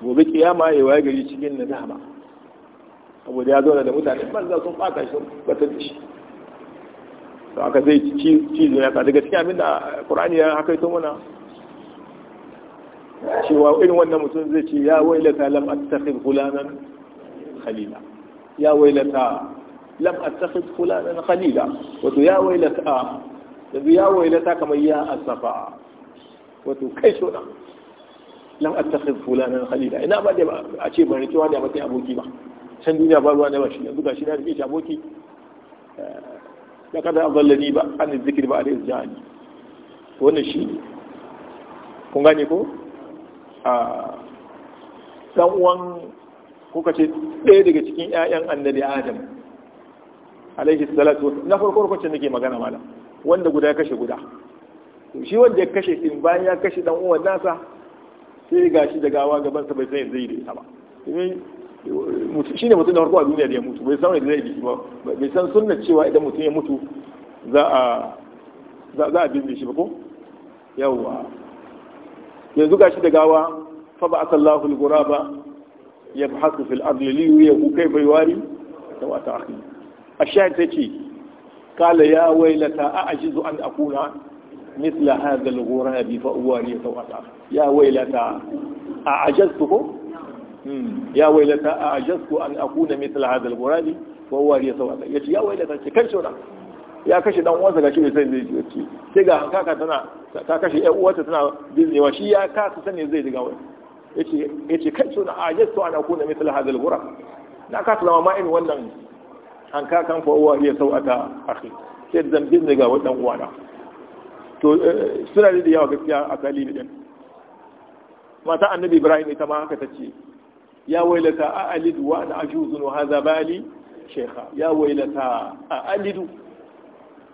gobe kiyama ya waye gari cikin nadama saboda ya zauna da mutane banza sun fata shi batar shi to aka zai ci ya ka daga cikin abinda qur'ani ya haka ito mana cewa irin wannan mutum zai ce ya wailata lam attakhid fulanan khalila ya wailata lam attakhid fulanan khalila wato ya wailata yanzu ya wailata kamar ya asafa wato kai so da lam attakhid fulanan khalila ina ba da a ce ban rikewa da mutum aboki ba san duniya ba ruwa ne ba shi yanzu gashi na rike shi aboki da eh, kada azallani ba an zikir ba da izjani wannan shi kun gane ko a ah, dan uwan ko kace ɗaya daga cikin ƴaƴan annabi adam alaihi salatu na farko farko nake magana malam wanda guda ya kashe guda shi wanda ya kashe din bayan ya kashe dan uwan nasa sai ga shi da gawa gaban sa bai san zai yi da ba shi ne mutum da farko a duniya da ya mutu bai san yadda zai yi ba bai san sunna cewa idan mutum ya mutu za a za a binne shi ba ko yawwa yanzu ga shi da gawa fa ba asallahu al-ghuraba yabhasu fil ardi li yuhu kayfa yuwari sawata akhihi a shayar ta ce kala ya wailata أكون مثل an الغراب misla hadha يا ويلتا أعجزته يا ويلتا ya أن أكون مثل هذا ya wailata a يا an akuna ya kashe dan uwansa shi ne sai zai wacce sai ga kaka tana ta kashe ɗan tana biznewa shi ya kasa sani zai ji wai yace yace kai shona a ajaztu an kuna misla hadha al na kasa zama ma in wannan an ka kan fa uwa iya sau'ata akhi sai zambin daga wadan uwana to eh, suna da yawa gaskiya a kali din mata annabi ibrahim ita ma haka tace ya wailata a alidu wa ana ajuzun wa hadha bali shaykha ya wailata a alidu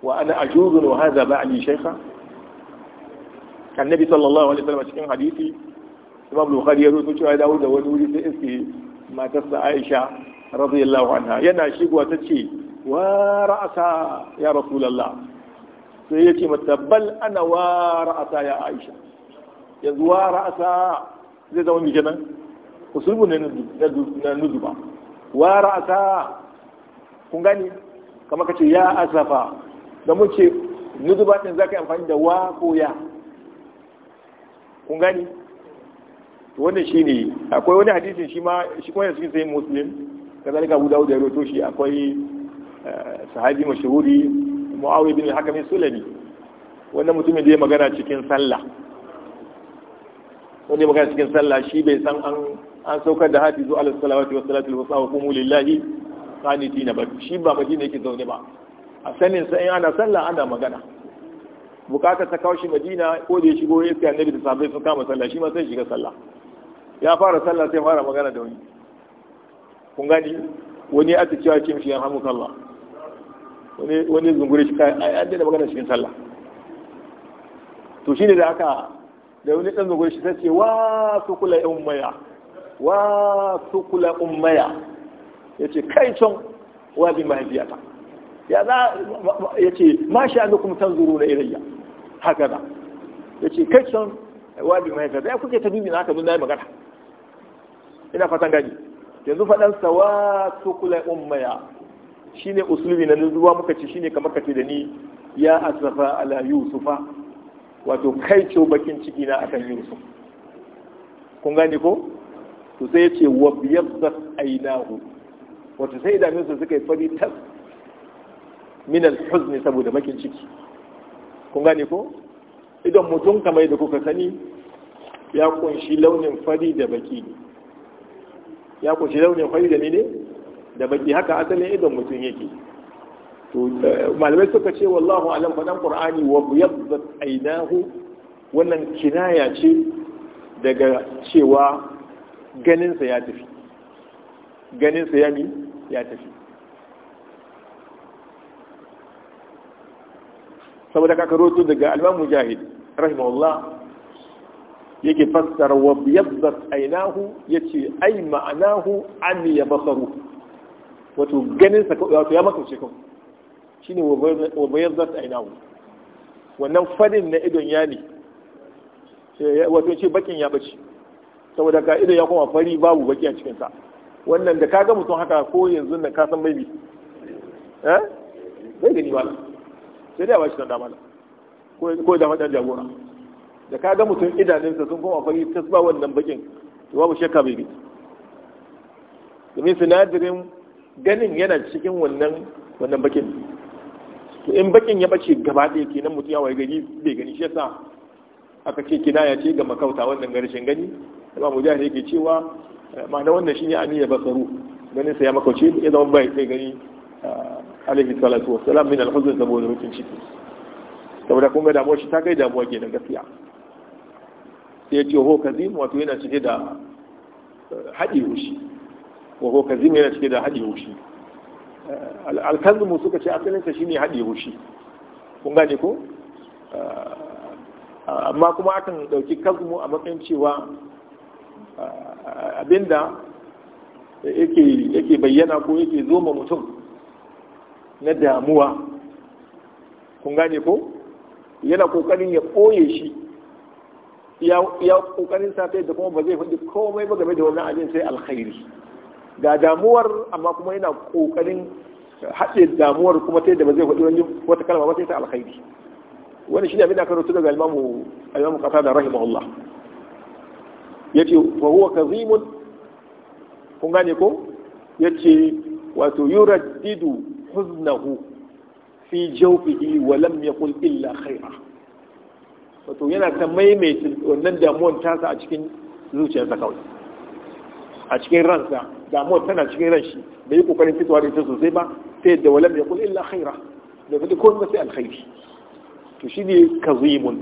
wa ana ajuzun wa hadha bali shaykha annabi sallallahu alaihi wasallam cikin hadisi imam bukhari ya rawaito cewa dawo da wani wuri sai iske matarsa aisha radiyallahu anha yana shigowa ta ce wa ra'asa ya rasulullah sai ya ce mata bal ana wa ra'asa ya aisha yanzu wa ra'asa zai zama mai kenan usulbu ne na nuzuba wa ra'asa kun gani kama ka ce ya asafa da mun ce nuzuba ɗin za ka yi amfani da wa ko ya kun gani wannan shi ne akwai wani hadisin shi ma shi kuma yana cikin sayin muslim kazalika Abu Dawud ya rawaito shi akwai eh, sahabi mashhuri Muawiya bin Hakim Sulami wannan mutumin da ya magana cikin sallah wanda ya magana cikin sallah shi bai san an an saukar da zuwa ala salawati wa salatul wusta wa qumu lillahi qanitina ba shi ba madina yake zaune ba a sanin sa in ana sallah ana magana bukatar ta kawo shi madina ko da ya shigo ya iska annabi da sabai sun kama sallah shi ma sai shiga sallah ya fara sallah sai fara magana da wani kun gani wani ya ta cewa cin fiye hamu kalla wani zunguri shi kayan a yadda da magana cikin sallah to shi ne da aka da wani ɗan zunguri shi ta ce wa su kula ummaya wa su kula ummaya ya ce kai can wajin mahaifiyata ya za ya ce ma sha an kuma san zuru na irayya haka da ya ce kai can wajin mahaifiyata ya kuke ta dubi na haka mun ya magana ina fatan gani yanzu faɗan sawa su kula ummaya shine usulmi na nuzuwa muka ce shine kamar kace da ni ya asafa ala yusufa wato kai ce bakin ciki na akan yusuf kun gane ko to sai ya ce wa biyaddat ainahu wato sai idanunsa suka yi fari tas minan al-huzn saboda bakin ciki kun gane ko idan mutum kamar da kuka sani ya kunshi launin fari da baki ya kunshi launin fari da ne da baki haka asalin idon mutum yake to eh, malamai suka ce wallahu alam fadan qur'ani wa biyaddat aynahu wannan kinaya ce daga cewa ganinsa ya tafi ganinsa ya yami ya tafi saboda kakaroto daga alman mujahid rahimahullah yake fassara wa biyabbat ainahu yace ai ma'anahu ami ya basaru wato ganin sa wato ya maka ce kan shine wa biyabbat ainahu wannan fadin na idon ya ne wato ce bakin ya bace saboda ka idon ya koma fari babu baki a cikin sa wannan da kaga mutum haka ko yanzu nan ka san bai bi eh bai gani ba sai dai ba shi dan dama ko ko da madan jagora da ka ga mutum idanunsa sun kuma fari ta zuba wannan bakin to babu shakka bai bi domin sinadarin ganin yana cikin wannan wannan bakin to in bakin ya bace gaba ɗaya kenan mutum ya waye gari bai gani shi yasa aka ce ya ce ga makauta wannan garshen gani amma mujahid yake cewa eh, ma'ana wannan shine ya basaru ganin sa ya makauce ya zama bai kai gani eh, alaihi salatu wassalam min alhuzn saboda rukun ciki saboda kun ga damuwar shi ta kai damuwa kenan gaskiya sai ce ho kazim wato yana cike da haɗe wushi wa ho kazim yana cike da haɗe wushi alkazmu suka ce asalinsa ne haɗe wushi kun gane ko amma kuma akan ɗauki kazmu a matsayin cewa abinda yake bayyana ko yake zo ma mutum na damuwa kun gane ko yana kokarin ya ɓoye shi ya kokarin safe da kuma ba zai faɗi komai ba game da wani abin sai alkhairi ga damuwar amma kuma yana kokarin haɗe damuwar kuma ta yadda ba zai faɗi wani wata kalma ba sai ta alkhairi wani shi ne abin da karo rutu ga alimamu Alimamu kasa da ya ce fa huwa zimun kun gane ko ya ce wato Yura Didu huznahu fi jawfihi wa lam yaqul illa khaira wato yana ta maimaita wannan damuwan tasa a cikin zuciyarsa kawai a cikin ransa damuwar tana cikin ran shi bai yi kokarin fitowa da ita sosai ba ta yadda wala ya kula illa khaira da fadi ko sai alkhairi to shi ne kazimun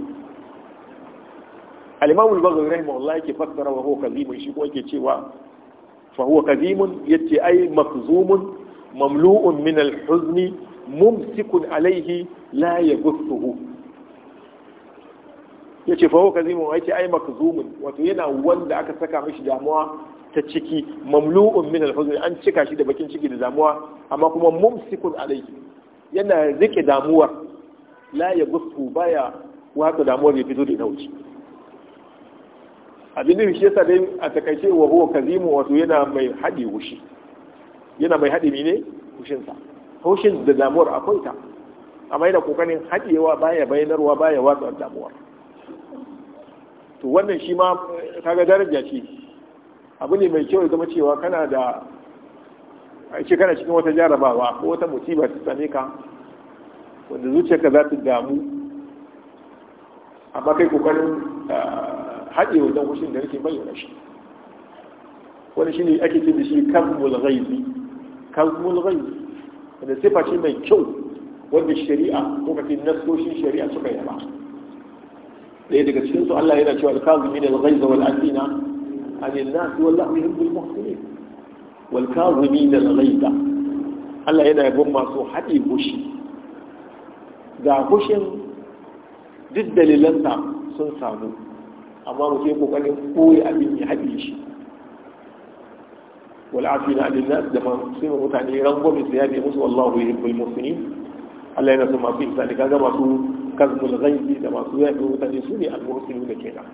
al-imam al-baghawi rahimahullah yake fassara wa huwa kazimun shi ko yake cewa fa huwa kazimun yace ai mafzumun mamlu'un min al-huzni mumsikun alayhi la yaghuthuhu ya ce fawo kazimun aiki ai makazumin wato yana wanda aka saka mashi damuwa ta ciki mamlu'un min alhuzn an cika shi da bakin ciki da damuwa amma kuma mumsikun alaihi yana rike damuwar la ya gusku baya wato damuwar ya fito da nauci abin da shi yasa dai a takaice wa huwa kazimu wato yana mai hadi hushi yana mai hadi ne hushin sa hushin da damuwar akwai ta amma yana kokarin hadiyewa baya bayanarwa baya wato damuwar to wannan shi ma kaga daraja ce abu ne mai kyau ya zama cewa kana da aiki kana cikin wata jarabawa ko wata musiba ta same ka wanda zuciyarka za ta damu amma kai kokarin haɗe wajen kushin da nake bayyana shi wani shi ne ake cin da shi kan ghaibi kan ghaibi wanda sifa ce mai kyau wanda shari'a ko kafin nasoshin shari'a suka yaba Daya daga cikin su Allah yana cewa al-kazimin al-ghaiz wal afina ani an-nas wallahu yuhibbul muhsinin wal kazimin al-ghaiz Allah yana yabon masu haɗe gushi ga gushin duk dalilanta sun samu amma mu ke kokarin koyi abin ya haɗe shi wal afina an an-nas da sai mutane rangwame su ya bi musu wallahu yuhibbul muhsinin Allah yana son masu ihsani kaga masu kazbul ghaibi da masu yaƙi mutane su ne al-mursilu da kenan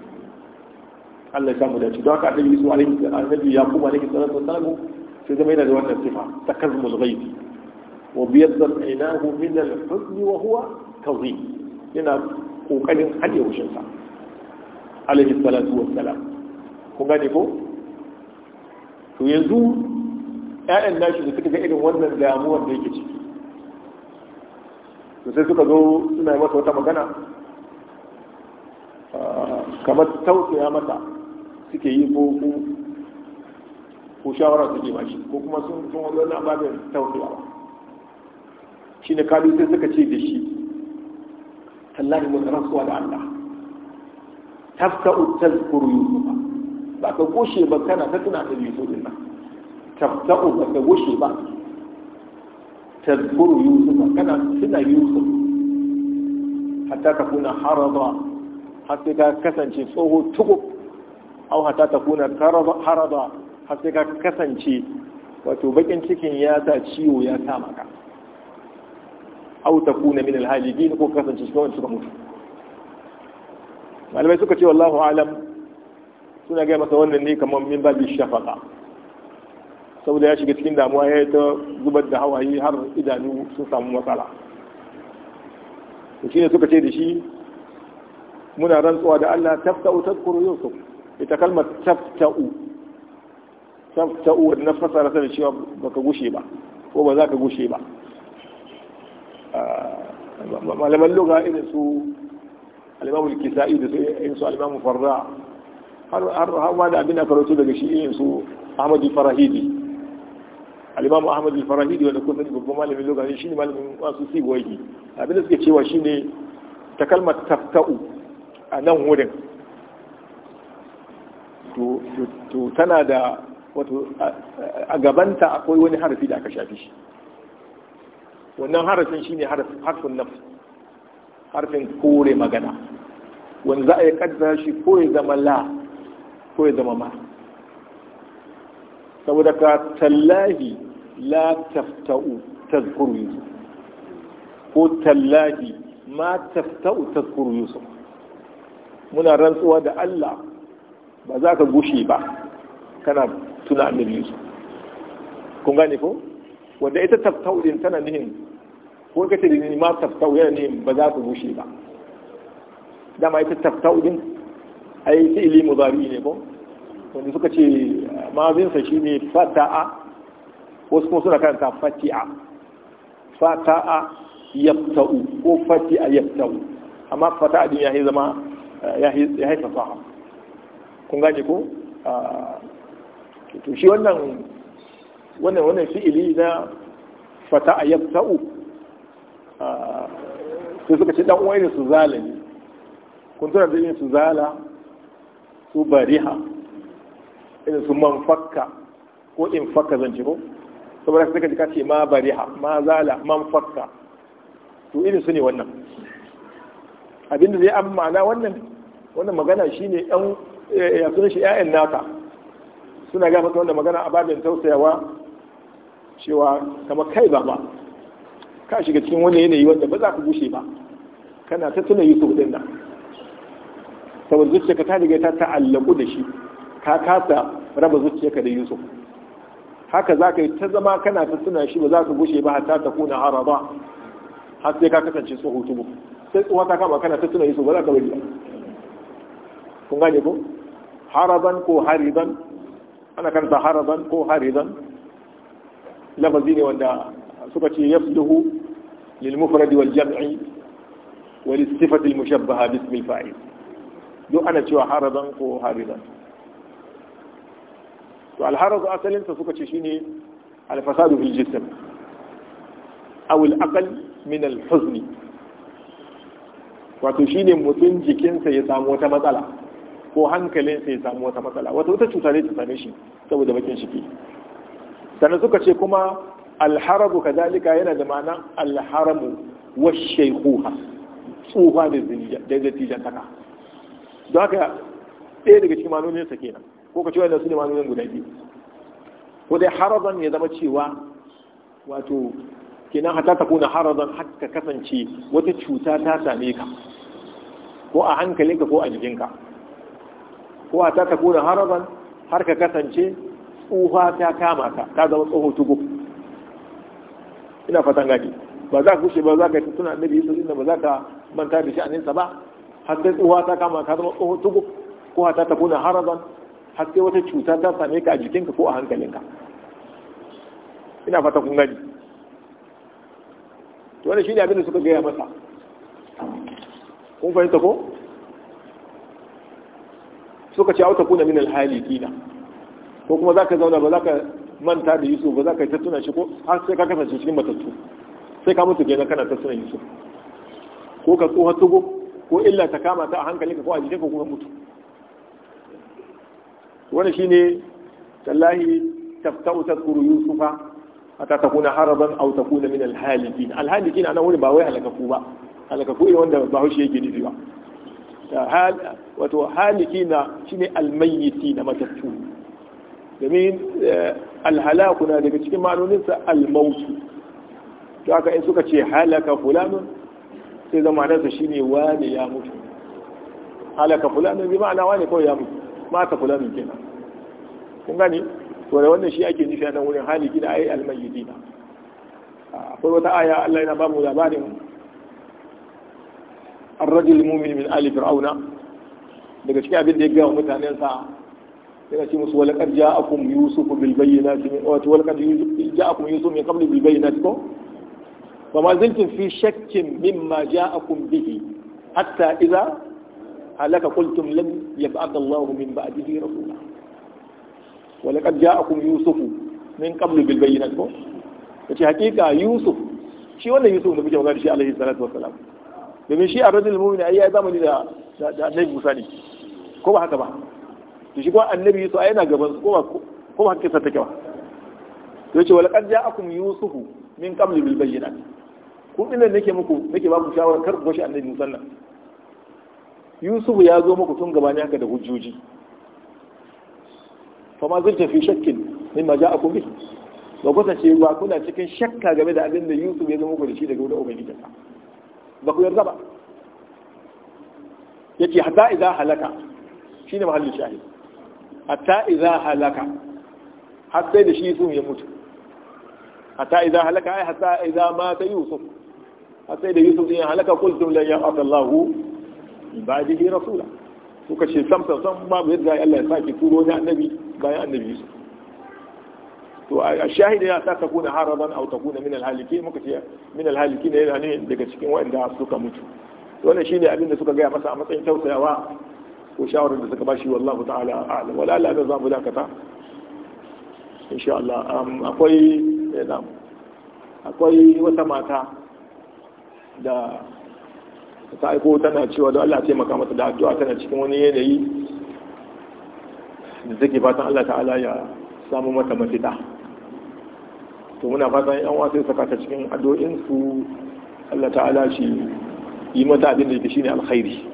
Allah ya samu da shi don haka annabi Yusuf alaihi annabi Yaqub alayhi salatu wasalam sai zama yana da wannan sifa ta kazbul ghaibi wa biyaddat aynahu min al-huzn wa huwa kazim yana kokarin hade wushin sa alaihi salatu wassalam kun gane ko to yanzu ƴaƴan nashi da suka ga irin wannan damuwar da yake ciki to sai suka zo suna yi masa wata magana ah, kamar tausaya mata suke yi ko shawara suke ba shi ko kuma sun sun wanzu na ba da tausaya shi ne kalu sai suka ce da shi tallahi mu rasuwa da Allah tafsa'u tazkuru yusufa ba ka goshe ba kana ta tuna da yusuf din nan tafka ba ka goshe ba tadhkuru yusuf kana tuna yusuf hatta ta kuna harada har sai ka kasance wato bakin cikin ya ciwo ya maka au ta kuna min alhaligin ko kasance suka malamai suka ce wallahu alam suna gaya masa wannan ne kamar min babi shafaka saboda ya shiga cikin damuwa ya yi ta zubar da hawaye har idanu sun samu matsala shi ne suka ce da shi muna rantsuwa da Allah tafta'u yau sau ita kalmar tafta'u tafta'u fasa fasara da cewa ba ka gushe ba ko ba za ka gushe ba ah, malaman loga irin su al kisai da irin su al farra har ma da abin da karoto daga shi in su Ahmadu Farahidi alimamu ahmad al-farahidi wanda kuma ne babban malamin lokaci shine malamin masu sigwagi abinda suke cewa shine ta kalmar tafta'u a nan wurin to tana da wato a gabanta akwai wani harafi da aka shafi shi wannan harafin shine harfin nafs harfin kore magana wanda za a yi kaddara shi ko ya zama la ko ya zama ma saboda ka tallahi la tafta'u tazkuru yusuf ko tallahi ma tafta'u tazkuru yusuf muna rantsuwa da Allah ba za ka gushe ba kana tuna annabi yusuf kun gane ko wanda ita tafta'u din tana nihin ko kace da ma tafta'u yana nihin ba za ka gushe ba dama ita tafta'u din ai fi'li mudari ne ko wanda suka ce mazinsa shine fata'a wasu kuma suna karanta fati'a fata'a yabta'u ko fati'a yabta'u amma fata'a din ya zama ya haifa fasaha kun gane ko ah, to shi wannan wannan wannan fi'ili na fata'a yabta'u ah, sai suka ce dan uwan su zala ne, kun tura da yin su zala su bariha irin su man fakka ko in fakka zan ci ko saboda suka ka ji ka ma bariha ma zala man fakka to irin su ne wannan abinda zai an ma'ana wannan wannan magana shine ɗan eh, ya sun shi ƴaƴan naka suna ga maka wannan magana a babin tausayawa cewa kamar kai ba ba ka shiga cikin wani yanayi wanda ba za ka gushe ba kana ta tuna yi din nan saboda ka ta riga ta ta'allaku da shi ka kasa raba zuciya ka da yusuf haka za ka yi ta zama kana ta suna shi ba za ka gushe ba hatta ta kuna ba har sai ka kasance hutu ba sai tsohon ta kama kana ta suna yi su ba za ka bari kun gane ko haraban ko hariban ana karanta haraban ko hariban lafazi ne wanda suka ce fi duhu mufradi wal jam'i wal istifati al mushabbaha bismi fa'il duk ana cewa haraban ko hariban to alharazu asalinsa suka ce shine alfasadu fil jism aw al aql min al huzn wato shine mutum jikinsa ya samu wata matsala ko hankalinsa ya samu wata matsala wato wata cuta ne ta same shi saboda bakin shi ke. sannan suka ce kuma alharabu kadalika yana da ma'ana alharamu wa shaykhuha tsufa da zinja da zattijan taka don haka ɗaya daga cikin manoninsa kenan ko ka ce wannan su ne ma'anonin guda biyu ko dai harazan ya zama cewa wato kenan hata ta kuna harazan har ka kasance wata cuta ta same ka ko a hankalinka ko a jikinka ko hatta ta kuna harazan har ka kasance tsufa ta kama ka ta zama tsoho tugu ina fatan gaji. ba za ka kushe ba za ka yi tuna annabi yusuf inda ba za ka manta da sha'aninsa ba har sai tsufa ta kama ka zama tsoho tugu ko hatta ta kuna harazan har sai wata cuta ta same ka a jikinka ko a hankalinka ina fata kun gani to wannan shine abin da suka gaya masa kun fahimta ko suka ce auta kuna min kina. ko kuma zaka zauna ba zaka manta da Yusuf ba zaka yi ta shi ko har sai ka kasance cikin matattu sai ka mutu kenan kana tattuna Yusuf ko ka tsoha tugo ko illa ta kama ta a hankalinka ko a jikinka ko kuma mutu wani shine tallahi taftau Kuru yusufa hatta takuna haraban aw takuna min alhalikin alhalikin ana wani ba wai halakaku ba halakaku ne wanda ba haushi yake nufi ba wato na shi ne almayyiti na matattu domin eh, alhalaku na daga cikin ma'anoninsa almautu to aka in suka ce halaka fulanun sai zama nasa shine wane ya mutu halaka fulanun bi ma'ana wani kawai ya mutu ma ka kula min kenan kun gani to da wannan shi ake nufi a nan wurin hali gida ai almayyidina akwai wata aya Allah yana mu labarin ar-rajul mu'min min ali fir'auna daga cikin abin da ya ga mutanen sa yana ce musu wala qad ja'akum yusufu bil bayyinati wa wala qad ja'akum yusufu min qabli bil bayyinati ko fa ma zaltum fi shakkin mimma ja'akum bihi hatta idza halaka qultum lam yab'ath Allahu min a rasula wa laqad ja'akum yusufu min qablu bil bayyinati ko yace hakika yusuf shi wannan yusuf da muke magana shi alaihi salatu wassalam domin shi a rajul mu'min ai yayi zamani da da annabi Musa ko ba haka ba to shi ko yana gaban su ko ba ko ba hakkin sa take ba to yace yusufu min kun annabi yusufu ya zo muku tun gabani haka da hujjoji Kuma zai tafi shakkin min ma ja'akum bihi ba ku tace ba kuna cikin shakka game da abin da Yusuf ya zama muku da shi daga wurin ubangiji ta ba ku yarda ba yace hatta idza halaka shine mahallin shahid hatta idza halaka har sai da shi Yusuf ya mutu hatta idza halaka ai hatta idza mata Yusuf har sai da Yusuf ya halaka kultum lan ya'ata Allahu ibadihi rasula suka ce sam sam sam babu yadda Allah ya saki turo ni annabi bayan annabi su to a shahida ya sa na haraban aw na min alhaliki muka ce min alhaliki ne yana ne daga cikin wanda suka mutu wannan shine abin da suka gaya masa a matsayin tausayawa ko shawarar da suka bashi wallahu ta'ala a'lam wala la da zamu dakata insha Allah um, akwai eh, akwai wata mata da ta aiko tana cewa don Allah taimaka mata da addu'a tana cikin wani yanayi da take fatan Allah ta'ala ya samu mata mafita to muna fatan yan wasu saka ta cikin addu'in su Allah ta'ala shi yi mata abin da yake shine alkhairi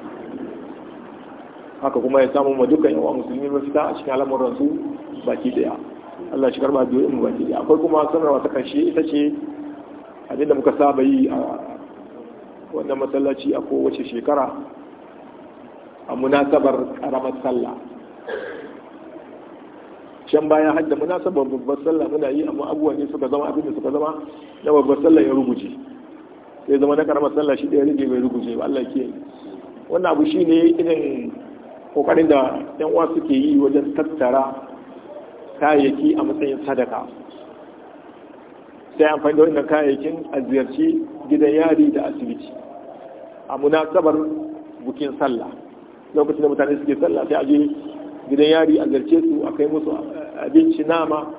haka kuma ya samu ma dukkan yawan musulmi mafita a cikin al'amuran su baki daya Allah shi karba addu'o'in mu baki daya akwai kuma sanarwa ta kashe ita ce abinda muka saba yi a wannan masallaci a kowace shekara a munasabar karamar sallah can bayan hajji munasabar babbar sallah muna yi amma abubuwa ne suka zama abin da suka zama na babbar sallah ya rubuce sai zama na karamar sallah shi ɗaya rige bai rubuce ba Allah ke wannan abu shi ne irin kokarin da yan uwa suke yi wajen tattara kayayyaki a matsayin sadaka sai amfani da wannan kayayyakin a ziyarci gidan yari da asibiti a munasabar bukin sallah lokacin da mutane suke sallah sai a je gidan yari a garce su a kai musu abinci nama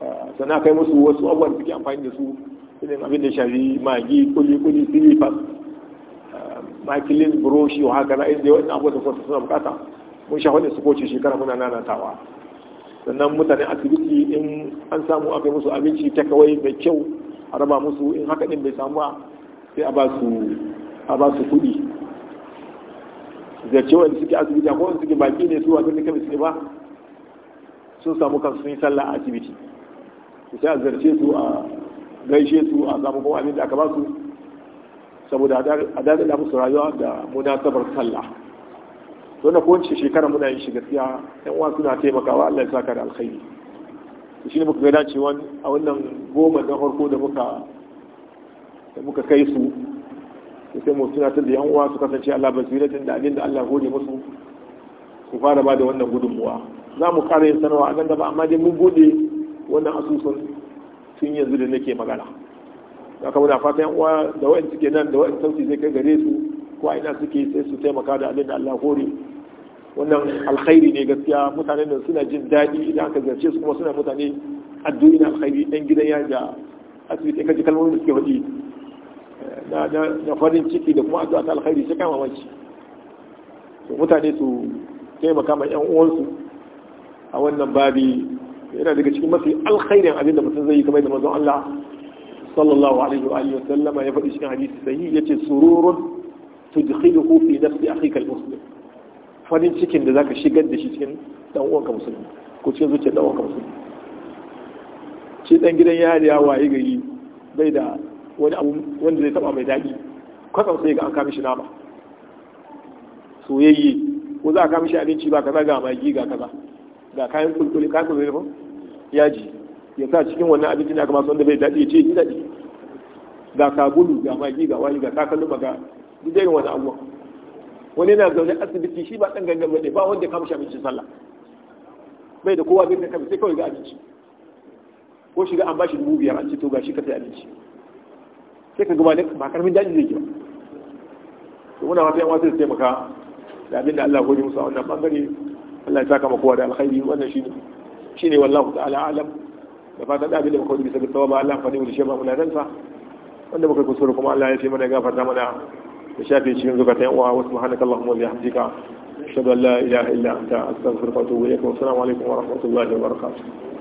eh, sannan kai musu wasu abubuwan suke amfani da su irin abin da shari magi kuli kuli silifas eh, makilin buroshi wa haka na'in da yawan abubuwan da kwasa suna bukata mun sha wani su shekara muna nanatawa sannan mutane asibiti in an samu aka musu abinci ta kawai mai kyau a raba musu in haka din bai samu sai a ba su a ba su kuɗi cewa da suke asibiti ko wanda suke baki ne su wajen suke suke ba sun samu kan sun yi sallah a asibiti su sai a zarce su a gaishe su a samu kuma abin da aka ba su saboda a dadada musu rayuwa da munasabar sallah to na kowace shekara muna yin shi gaskiya yan uwa suna taimakawa Allah ya saka da alkhairi to shine muka ga dacewa a wannan goma na farko da muka da muka kai su sai mu tunatar da yan uwa su kasance Allah basiratin da abin da Allah gode musu su fara ba da wannan gudunmuwa za mu kare yin sanarwa a nan gaba amma dai mun bude wannan asusun tun yanzu da nake magana da kuma na fatan uwa da wa'in suke nan da wa'in sauti zai kai gare su ko ina suke sai su taimaka da abin da Allah gode wannan alkhairi ne gaskiya mutane da suna jin daɗi idan aka zarce su kuma suna mutane addu'in alkhairi ɗan gidan ya da asibiti kaji kalmomin da suke faɗi na farin ciki da kuma addu'a ta alkhairi sai kai mamaci to mutane su taimaka ma yan uwansu a wannan babi yana daga cikin mafi alkhairin abin da mutum zai yi kamar da manzon Allah sallallahu alaihi wa alihi wa sallama ya faɗi cikin hadisi sahihi yace sururun tudkhiluhu fi nafsi akhika almuslim farin cikin da zaka shigar da shi cikin dan uwanka musulmi ko cikin zuciyar dan uwanka musulmi shi dan gidan yari ya waye gari bai da wani abu wanda zai taba mai daɗi kwatsam sai ga an kama nama soyayye ko za a kama abinci ba kaza ga magi ga kaza ga kayan kulkuli kayan kulkuli ba yaji ya sa cikin wannan abinci abincin aka masu wanda bai daɗi ya ce ji daɗi ga sabulu ga magi ga wani ga takalma ga duk wani abuwa wani yana zaune asibiti shi ba ɗan gangan bane ba wanda kama shi abincin sallah bai da kowa bai da kama sai kawai ga abinci ko shiga an bashi dubu biyar an ce to ga shi ka sai abinci sai ka gaba ba karfin daji zai ke su muna fata yan wasu su taimaka da abinda Allah gode musu wannan bangare Allah ya saka kowa da alkhairi wannan shi ne wallahu ta'ala alam da fatan da abinda muka wani bisa ga tsawaba Allah fa ne mu da shema muna ransa wanda muka kusuru kuma Allah ya ce mana gafarta mana da shafe cikin zukata yan uwa wasu subhanaka allahumma wa bihamdika ashhadu an la ilaha illa anta astaghfiruka wa atubu ilaik wa assalamu alaikum wa rahmatullahi wa barakatuh